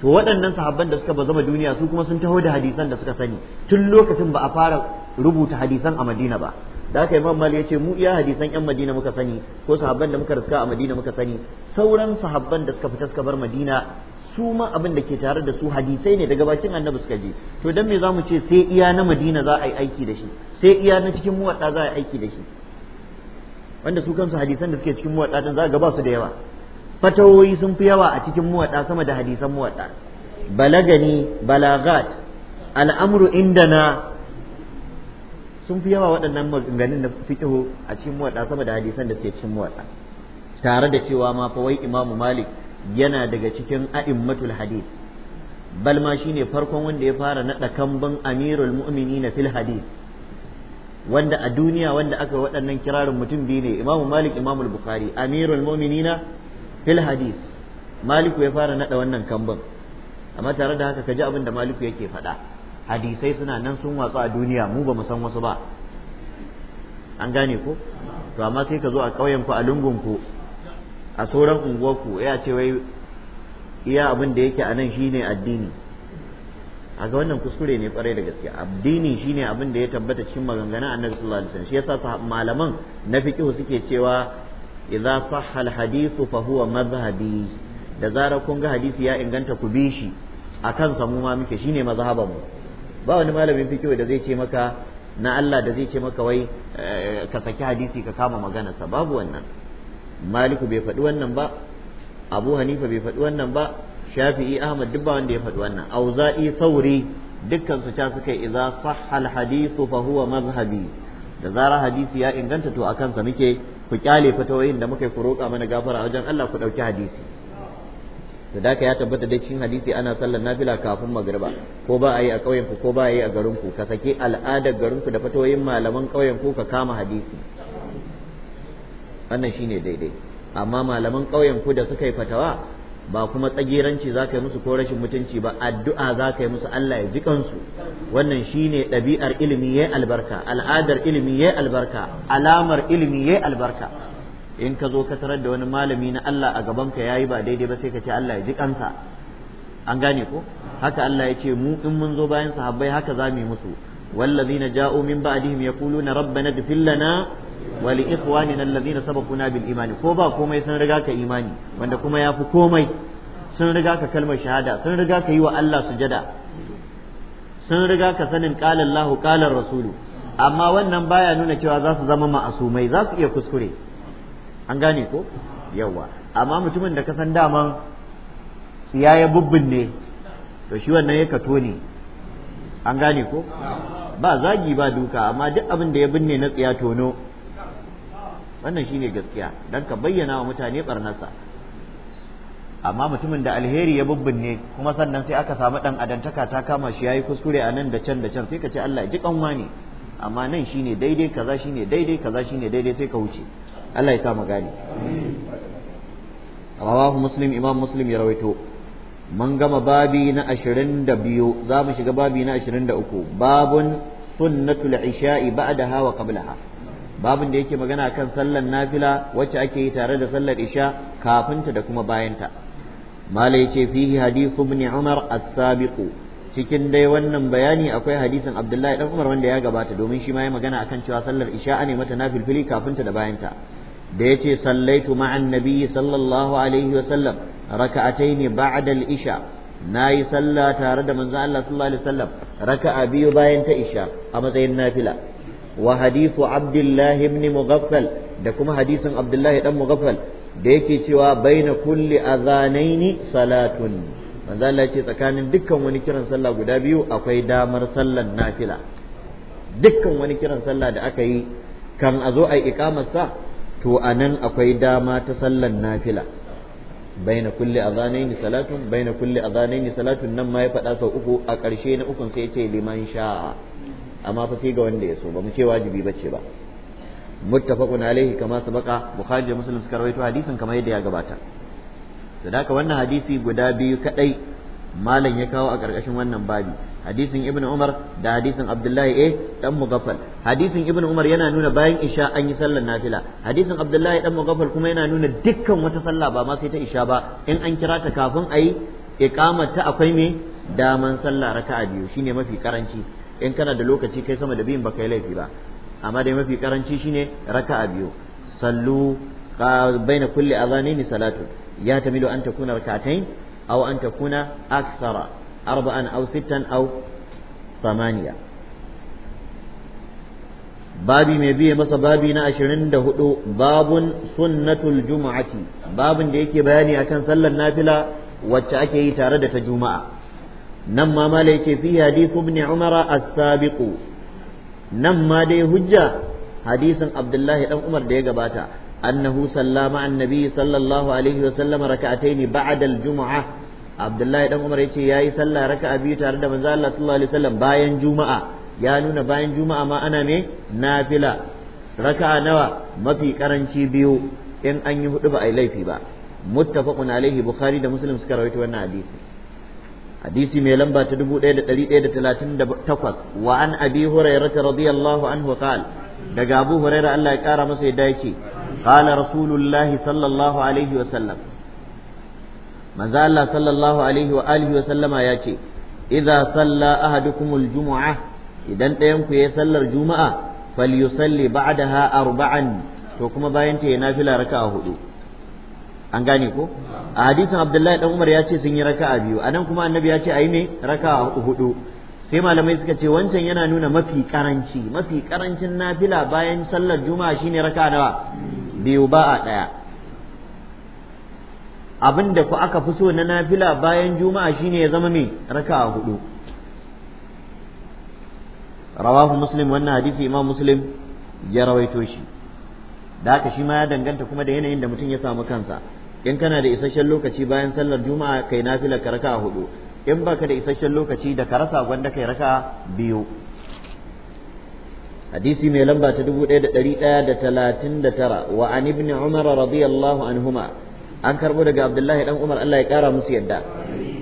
to waɗannan sahabban da suka bazama duniya su kuma sun taho da hadisan da suka sani tun lokacin ba a fara rubuta hadisan a Madina ba da aka Imam ya ce mu iya hadisan yan Madina muka sani ko sahabban da muka riska a Madina muka sani sauran sahabban da suka fita suka bar Madina su ma abin da ke tare da su hadisai ne daga bakin annabi suka je to dan me zamu ce sai iya na Madina za a yi aiki da shi sai iya na cikin muwadda za a yi aiki da shi wanda su kansu hadisan da suke cikin muwadda din za ga ba su da yawa fatawoyi sun fi yawa a cikin muwadda sama da hadisan muwadda balagani balagat al'amru indana sun fi yawa waɗannan maganganun da fiqhu a cikin muwadda sama da hadisan da suke cikin muwadda tare da cewa ma fa wai imamu malik yana daga cikin a'immatul hadith bal ma shine farkon wanda ya fara nada kambun amirul mu'minina fil hadith wanda a duniya wanda aka waɗannan kirarin mutum biyu ne imamu malik imamu bukhari amirul mu'minina fil hadis maliku ya fara naɗa wannan kamban amma tare da haka ka ji abin da maliku yake faɗa hadisai suna nan sun watsu a duniya mu ba mu san wasu ba an gane ko to amma sai ka zo a ƙauyen ku a lungun ku a sauran unguwar ku ya ce wai iya abin da yake a nan shine addini kaga wannan kuskure ne kwarai da gaske addini shine abin da ya tabbata cikin maganganun annabi sallallahu alaihi wasallam shi yasa malaman na fiqh suke cewa idza sahha al fa huwa madhhabi da zarar kun ga hadisi ya inganta ku bi shi akan sa ma muke shine mazhaban mu ba wani malamin fiqh da zai ce maka na Allah da zai ce maka wai eh, ka saki hadisi ka kama maganarsa babu wannan maliku bai faɗi wannan ba abu hanifa bai faɗi wannan ba shafi'i ahmad duk ba wanda ya faɗi wannan auza'i sauri dukkan su ta suka idza sahha fa huwa mazhabi da zarar hadisi ya inganta to akan sa muke ku kyale fatawayin da muka yi ku roƙa mana gafara a wajen Allah ku ɗauki hadisi da ka ya tabbata da cikin hadisi ana sallar nafila kafin magriba ko ba a yi a ƙauyen ku ko ba a yi a garin ku ka saki al'adar garin ku da fatoyin malaman ƙauyen ku ka kama hadisi wannan shine daidai amma malaman ƙauyen ku da suka yi fatawa ba kuma tsagiranci za ka yi musu ko rashin mutunci ba addu'a za ka yi musu Allah ya ji kansu wannan shine ɗabi'ar ilimi yayi albarka al'adar ilimi yayi albarka alamar ilimi yayi albarka in ka zo ka tarar da wani malami na Allah a gaban ka yayi ba daidai ba sai ka ce Allah ya ji kansa an gane ko haka Allah ya ce mu in mun zo bayan sahabbai haka za mu yi musu wallazina ja'u min ba'dihim yaquluna rabbana ighfir lana wa li ikhwanina alladhina na bil imani ko ba komai sun riga ka imani wanda kuma yafi komai sun riga ka kalmar shahada sun riga ka yi wa Allah sujada sun riga ka sanin qala Allah qala rasulu amma wannan baya nuna cewa za su zama ma'asumai za su iya kuskure an gane ko yawa amma mutumin da ka san dama siya ya ne to shi wannan ya kato ne an gane ko ba zagi ba duka amma duk abin da ya binne na tsiya tono wannan shine gaskiya dan ka bayyana wa mutane barnarsa amma mutumin da alheri ya bubbinne kuma sannan sai aka samu dan adantaka ta kama shi yayi kuskure a nan da can da can sai ka ce Allah ji kanwa ne amma nan shine daidai kaza shine daidai kaza shine daidai sai ka wuce Allah ya sa mu gane rawahu muslim imam muslim ya rawaito mun gama babi na 22 za mu shiga babi na 23 babun sunnatul isha'i ba'daha wa qablaha babin da yake magana kan sallar nafila wacce ake yi tare da sallar isha kafinta da kuma bayanta mala yace fihi hadithu ibn umar as cikin dai wannan bayani akwai hadisin abdullahi dan umar wanda ya gabata domin shi ma ya magana akan cewa sallar isha ne mata nafilfili kafinta da bayanta da yace sallaitu ma'an nabiyyi sallallahu alaihi wa sallam raka'ataini ba'da al-isha nayi sallah tare da manzo Allah sallallahu alaihi wasallam raka'a biyu bayan ta isha a matsayin nafila wa hadithu abdullahi ibn mughaffal da kuma hadisin abdullahi dan mughaffal da yake cewa baina kulli azanaini salatun manzo Allah ce tsakanin dukkan wani kiran sallah guda biyu akwai damar sallan nafila dukkan wani kiran sallah da aka yi kan a zo a iqamar sa to anan akwai dama ta sallan nafila baina kulli azanaini salatun baina kulli azanaini salatun nan ma ya faɗa sau uku a ƙarshe na ukun sai ya ce liman sha'a amma fa sai ga wanda ya so ba mu ce wajibi bace ba muttafaqun alaihi kama sabaka bukhari da muslim suka rawaito hadisin kamar yadda ya gabata da haka wannan hadisi guda biyu kadai malam ya kawo a ƙarƙashin wannan babi hadisin ibnu umar da hadisin abdullahi eh dan mugaffal hadisin ibnu umar yana nuna bayan isha an yi sallar nafila hadisin abdullahi dan mugaffal kuma yana nuna dukkan wata sallah ba ma sai ta isha ba in an kira ta kafin ayi iqamata akwai me daman sallah raka'a biyu shine mafi karanci in kana da lokaci kai sama da biyun ba kai laifi ba amma dai mafi karanci shine a biyu sallu baina kulli adhanaini salatu ya tamilu an takuna rak'atayn aw an takuna akthara arba'an aw sittan aw thamaniya babi mai biye masa babi na ashirin da hudu babun sunnatul juma'ati babun da yake bayani akan sallar nafila wacce ake yi tare da ta juma'a nan ma mala yace fi hadith ibn umara as-sabiq nan ma dai hujja hadisin abdullahi dan umar da ya gabata annahu sallama annabi sallallahu alaihi wa sallam raka'atayn ba'da al abdullahi dan umar yace yayi sallah raka'a biyu tare da manzo Allah sallallahu alaihi wasallam bayan juma'a ya nuna bayan juma'a ma ana me nafila raka'a nawa mafi karanci biyu in an yi hudu ba a laifi ba muttafaqun alaihi bukhari da muslim suka rawaito wannan hadisi hadisi mai lamba ta 1138 wa wa'an abi hurairah radiyallahu anhu qala daga abu huraira Allah ya kara masa yadda yake qala rasulullahi sallallahu alaihi wa sallam manzo sallallahu alaihi wa alihi ya ce idza salla ahadukumul jumu'a idan ɗayan ku yayi sallar juma'a fal falyusalli ba'daha arba'an to kuma bayan ta yana fila a hudu an gane ko a hadisin abdullahi dan umar ya ce sun yi raka'a biyu a nan kuma annabi ya ce ayi me raka'a hudu sai malamai suka ce wancan yana nuna mafi karanci mafi karancin nafila bayan sallar juma'a shine raka'a nawa biyu ba a daya abin da ku aka fi so na nafila bayan juma'a shine ya zama me raka'a hudu rawahu muslim wannan hadisi imam muslim ya rawaito shi da haka shi ma ya danganta kuma da yanayin da mutum ya samu kansa in kana da isasshen lokaci bayan sallar juma'a kai nafila ka raka hudu in baka da isasshen lokaci da ka rasa gwanda kai raka biyu hadisi mai lamba ta 1139 wa an ibn umar radiyallahu anhuma an karbo daga abdullahi dan umar Allah ya kara musu yadda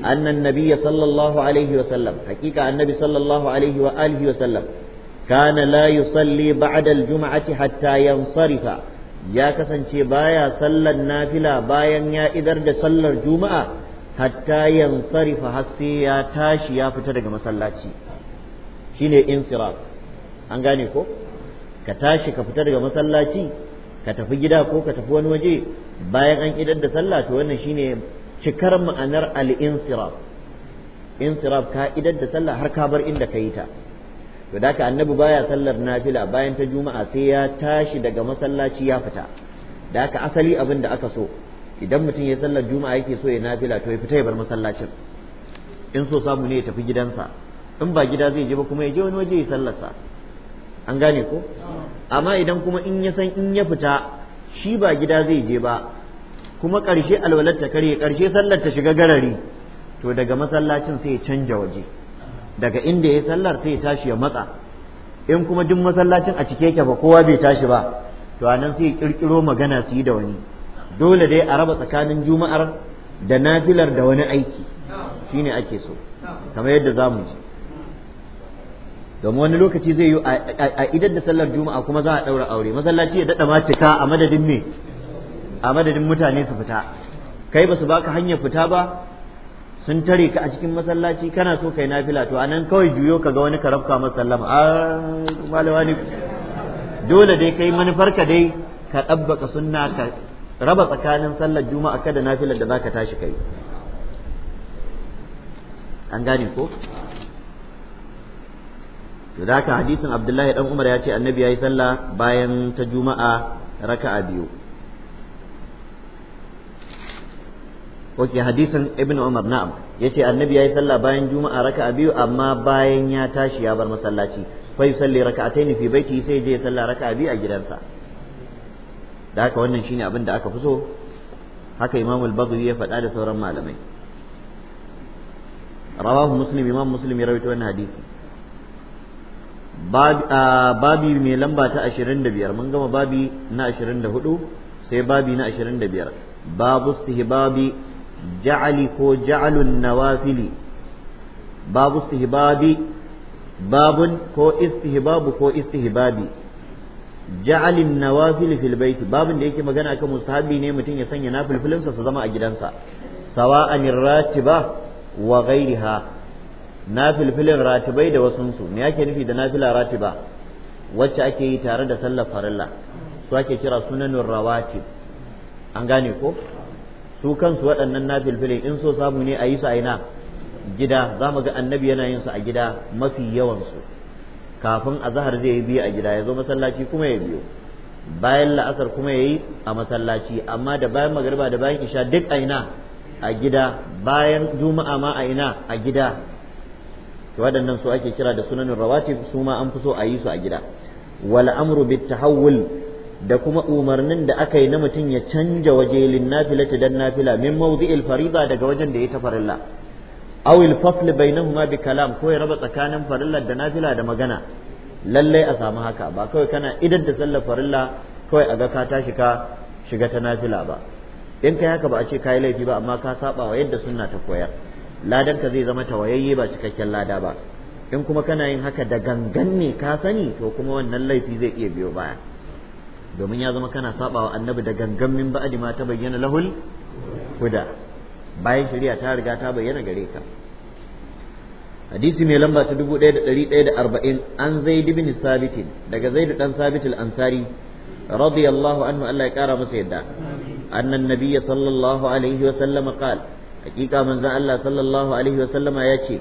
annan nabiyya sallallahu alaihi wa sallam hakika annabi sallallahu alaihi wa alihi wa sallam kana la yusalli ba'da al-jum'ati hatta yansarifa ya kasance baya sallar nafila bayan ya idar da sallar juma'a hatta yansarifa har sai ya tashi ya fita daga masallaci shine insiraf an gane ko ka tashi ka fita daga masallaci ka tafi gida ko ka tafi wani waje bayan an idar da sallah to wannan shine cikar ma'anar al-insiraf insiraf ka idar da sallah har ka bar inda ka yi ta to da ka annabi baya sallar nafila bayan ta juma'a sai ya tashi daga masallaci ya fita da ka asali abin da aka so idan mutum ya sallar juma'a yake so ya nafila to ya fita ya bar masallacin in so samu ne ya tafi gidansa in ba gida zai je ba kuma ya je wani waje ya sallarsa an gane ko amma idan kuma in ya san in ya fita shi ba gida zai je ba kuma ƙarshe alwalar ta karye ƙarshe sallar ta shiga garari to daga masallacin sai ya canja waje daga inda ya sallar sai ya tashi ya matsa in kuma duk masallacin a cike yake ba kowa bai tashi ba to anan sai ya kirkiro magana su yi da wani dole dai a raba tsakanin juma'ar da nafilar da wani aiki shine ake so kamar yadda za mu ji domin wani lokaci zai yi a idan da sallar juma'a kuma za a ɗaura aure masallaci ya daɗa ma cika a madadin me a madadin mutane su fita kai ba su baka hanyar fita ba sun tare ka a cikin masallaci kana so kai nafila to anan kawai juyo ka ga wani karabka masallama a malawa ne dole dai kai ka dai ka ɗabbaka sunna ka raba tsakanin sallar juma'a ka da nafilar da zaka tashi kai an gane ko to da ka hadisin abdullahi dan umar ya ce annabi yayi sallah bayan ta juma'a raka'a biyu oke hadisin ibn umar na'am yace annabi yayi sallah bayan juma'a raka'a biyu amma bayan ya tashi ya bar masallaci fa yusalli raka'ataini fi baiti sai je sallah raka'a biyu a gidansa da haka wannan shine abin da aka fi so haka imam al-baghawi ya faɗa da sauran malamai rawahu muslim imam muslim ya rawaito wannan hadisi babi mai lamba ta 25 mun gama babi na 24 sai babi na 25 babu istihbabi ja'ali ko ja'alun nawafili babu istihbabi babun ko istihbabu ko istihbabi ja'alin nawafili fil baiti babun da yake magana akan mustahabi ne mutum ya sanya nafilfilinsa su zama a gidansa sawa'an ratiba wa ghairiha nafilfilin ratibai da su me yake nufi da nafila ratiba wacce ake yi tare da sallar farilla su ake kira sunanin rawatib an gane ko su kansu waɗannan nafilfile in so samu ne a yi su a ina gida za mu ga annabi yana yin su a gida mafi yawansu kafin azahar zai yi biyu a gida ya zo masallaci kuma ya biyo bayan la'asar kuma ya yi a masallaci amma da bayan magariba da bayan isha duk a ina a gida bayan juma'a ma a ina a gida waɗannan su ake kira da sunanin rawatib su ma an fi so a yi su a gida wal amru bit tahawul da kuma umarnin da aka yi na mutum ya canja waje lin nafilati dan nafila min mawdi'il fariza daga wajen da ya ta farilla aw il fasl bainahuma bi kalam ko ya raba tsakanin farillar da nafila da magana lallai a samu haka ba kawai kana idan da sallar farilla kawai a ga ka tashi ka shiga ta nafila ba in kai haka ba a ce kai laifi ba amma ka saba wa yadda sunna ta koyar ladan ka zai zama tawayayye ba cikakken lada ba in kuma kana yin haka da gangan ne ka sani to kuma wannan laifi zai iya biyo baya domin ya zama kana wa annabi da gangan min ba'di ma ta bayyana lahul huda bayan shari'a ta riga ta bayyana gare ka hadisi mai lamba ta dubu da da arba'in an zaid ibn sabitin daga zaid dan sabit al-ansari radiyallahu anhu Allah ya kara masa yadda annan nabiyya sallallahu alaihi wa sallam qala hakika manzon Allah sallallahu alaihi wa sallama yace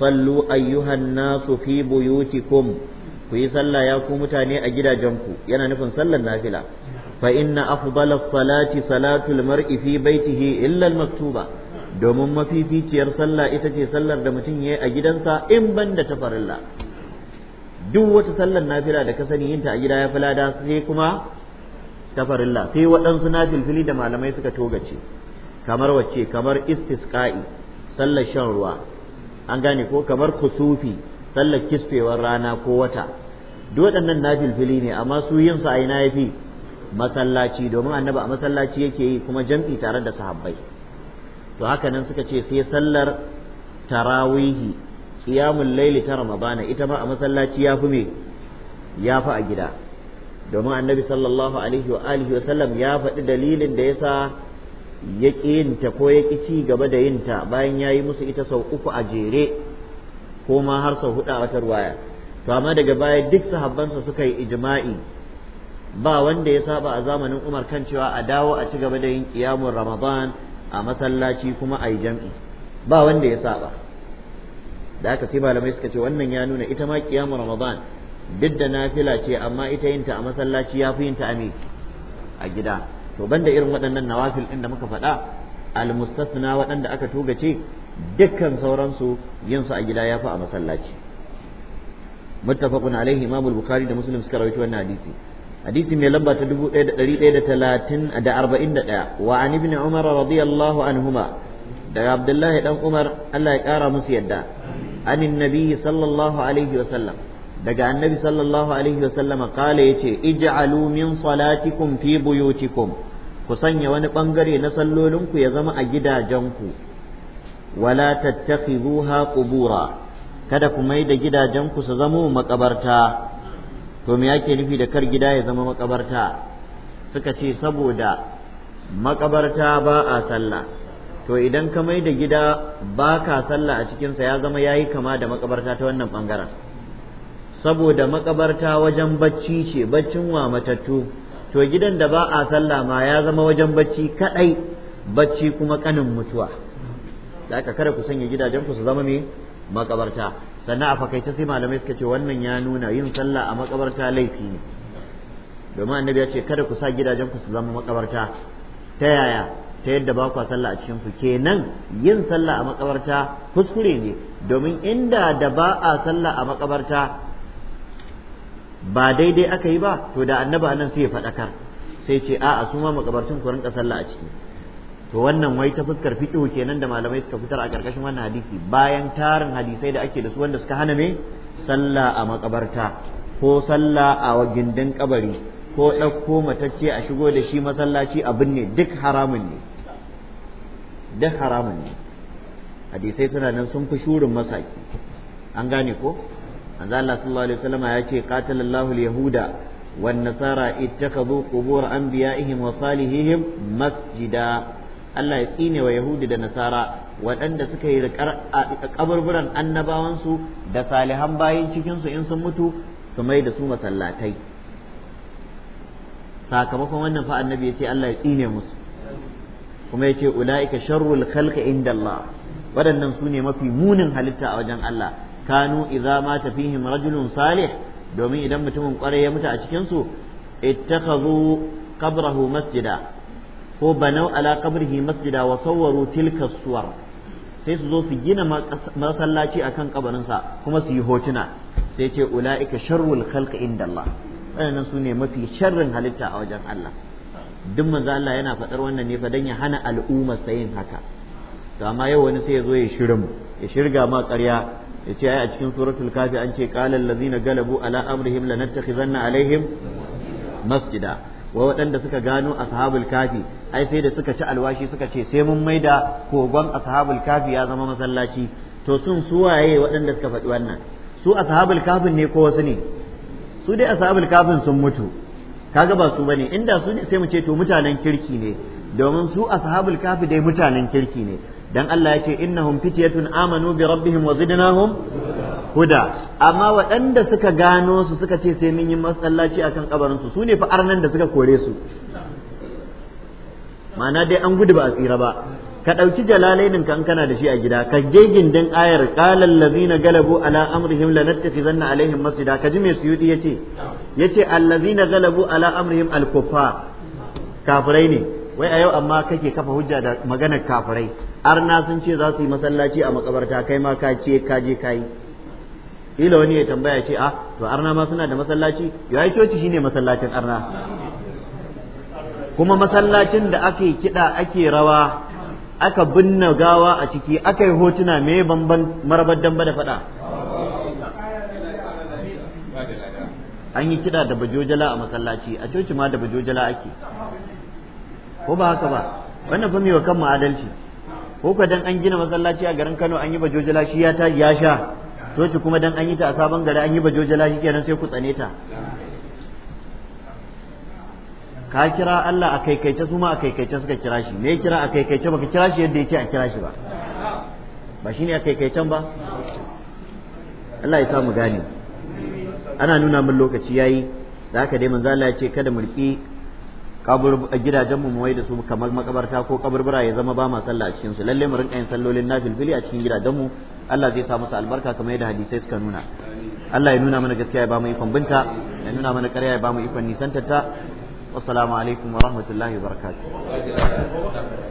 sallu ayyuhan nasu fi buyutikum ku yi sallah ya ku mutane a gidajenku yana nufin sallar nafila fa inna afdala salati salatul mar'i fi baitihi illa al-maktuba domin mafificiyar sallah ita ce sallar da mutum yayi a gidansa in banda da tafarilla duk wata sallar nafila da ka sani yin ta a gida ya fi lada sai kuma tafarilla sai waɗansu nafilfili da malamai suka togace kamar wacce kamar istisqa'i sallar shan ruwa an gane ko kamar kusufi sallar kisfewar rana ko wata duk waɗannan nafilfili ne amma su yin sa aina yafi masallaci domin annabi a masallaci yake yi kuma jam'i tare da sahabbai to haka nan suka ce sai sallar tarawihi qiyamul laili ta ramadana ita ma a masallaci yafi me yafi a gida domin annabi sallallahu alaihi wa alihi wa sallam ya faɗi dalilin da yasa ya ƙi yinta ko ya ƙi ci gaba da yinta bayan ya yi musu ita sau uku a jere ko ma har sau hudu a wata ruwaya to amma daga baya duk sahabbansa suka yi ijma'i ba wanda ya saba a zamanin Umar kan cewa a dawo a ci gaba da yin kiyamun Ramadan a masallaci kuma a yi jam'i ba wanda ya saba da aka sai malamai suka ce wannan ya nuna ita ma kiyamun Ramadan duk da nafila ce amma ita yinta a masallaci yafi fi ta a me a gida to banda irin waɗannan nawafil ɗin da muka faɗa al-mustasna waɗanda aka tuga ce. dukkan sauransu yin a gida ya fi a masallaci muttafaqun alaihi imam bukhari da muslim suka rawaito wannan hadisi hadisi mai lamba ta 1131 da wa an ibn umar radiyallahu anhuma daga abdullahi dan umar Allah ya kara musu yadda anin nabi sallallahu alaihi wa sallam daga annabi sallallahu alaihi wa sallam kala yace ij'alu min salatikum fi buyutikum ku sanya wani bangare na sallolinku ya zama a gidajenku wala tattakhidhuha qubura kada ku mai da gidajen ku su zamo makabarta to me yake nufi da kar gida ya zama makabarta suka ce saboda makabarta ba a sallah to idan ka mai da gida ba ka sallah a cikinsa ya zama yayi kama da makabarta ta wannan ɓangaren saboda makabarta wajen bacci ce baccin wa matattu to gidan da ba a sallah ma ya zama wajen bacci kaɗai bacci kuma kanin mutuwa da aka kada ku sanya gidajen ku su zama mai makabarta sannan a fakaice sai malamai suka ce wannan ya nuna yin sallah a makabarta laifi ne domin annabi ya ce kada ku sa gidajen ku su zama makabarta ta yaya ta yadda ba ku sallah a cikin su kenan yin sallah a makabarta kuskure ne domin inda da ba a sallah a makabarta ba daidai aka yi ba to da annabi nan sai ya faɗakar sai ce a'a su ma makabartun ku rinka sallah a ciki to wannan wai ta fuskar fiqh kenan da malamai suka fitar a karkashin wannan hadisi bayan tarin hadisai da ake da su wanda suka hana me sallah a makabarta ko sallah a gindin kabari ko ɗauko matacce a shigo da shi masallaci abin ne duk haramun ne duk haramun ne hadisai suna nan sun fi shurin masaki an gane ko manzo Allah sallallahu alaihi wasallam ya ce qatalallahu alyahuda yahuda wan nasara ittakhadhu qubur anbiya'ihim wa salihihim masjida Allah ya tsine wa Yahudi da Nasara waɗanda suka yi kaburburan annabawansu da salihan bayan cikinsu in sun mutu su mai da su masallatai sakamakon wannan fa annabi ya ce Allah ya tsine musu kuma ya ce ula'ika sharrul khalqi inda Allah waɗannan su ne mafi munin halitta a wajen Allah kanu idza mata fihim rajulun salih domin idan mutumin kwarai ya mutu a cikinsu ittakhadhu qabrahu masjida ko banau ala qabrihi masjida wa sawwaru tilka suwar sai su zo su gina masallaci akan kabarinsa kuma su yi hotuna sai ce ula'ika sharrul khalqi inda Allah waɗannan su ne mafi sharrin halitta a wajen Allah duk manzo Allah yana faɗar wannan ne fa dan ya hana al'umma sayin haka to amma yau wani sai ya zo ya shirin ya shirga ma ƙarya ya ce ai a cikin suratul kafi an ce qala allazina galabu ala amrihim lanattakhizanna alaihim masjida wa waɗanda suka gano ashabul kafi ai sai da suka ci alwashi suka ce sai mun maida kogon ashabul kafi ya zama masallaci to sun su waye waɗanda suka faɗi wannan su ashabul kafin ne ko wasu ne su dai ashabul kafin sun mutu kaga ba su bane inda su ne sai mu ce to mutanen kirki ne domin su ashabul kafi dai mutanen kirki ne dan Allah ya ce innahum fityatun amanu bi rabbihim wa zidnahum huda amma waɗanda suka gano su suka ce sai mun yi masallaci akan kabarin su sune fa arnan da suka kore su ma'ana dai an gudu ba a tsira ba ka ɗauki jalalainin kan kana da shi a gida ka je gindin ayar qalal ladina galabu ala amrihim lanattakhizanna alaihim masjida ka ji me suyudi yace yace allazina galabu ala amrihim al kafirai ne wai a yau amma kake kafa hujja da maganar kafirai arna sun ce za su yi masallaci a makabarta kai ma ka ce ka je ka yi ila wani ya tambaya ce a ah, to arna ma suna da masallaci ya yi coci shine masallacin arna kuma masallacin da ake kiɗa ake rawa aka binne gawa a ciki aka yi hotuna me bamban marabar damba da faɗa an yi kiɗa da bajojala a masallaci a coci ma da bajojala ake ko ba haka ba wannan fa wa kanmu adalci ko ka dan an gina masallaci a garin Kano an yi bajojala shi ya ta ya sha coci kuma dan an yi ta a sabon gari an yi bajojala shi kenan sai ku tsane ta ka kira Allah a kaikaice su ma a kaikaice suka kira shi me kira a kaikaice baka kira shi yadda yake a kira shi ba ba shine a kaikaicen ba Allah ya sa mu gane ana nuna min lokaci yayi da haka dai manzo Allah ya ce kada mulki kabur gidajen mu mai da su kamar makabarta ko kaburbura ya zama ba ma sallah a cikin su lalle mu rinka yin sallolin nafilfili a cikin gidajen mu Allah zai sa musu albarka kamar yadda hadisai suka nuna Allah ya nuna mana gaskiya ya ba mu ikon binta ya nuna mana ƙarya ya ba mu ikon nisantar ta wassalamu alaikum wa rahmatullahi wa barakatuh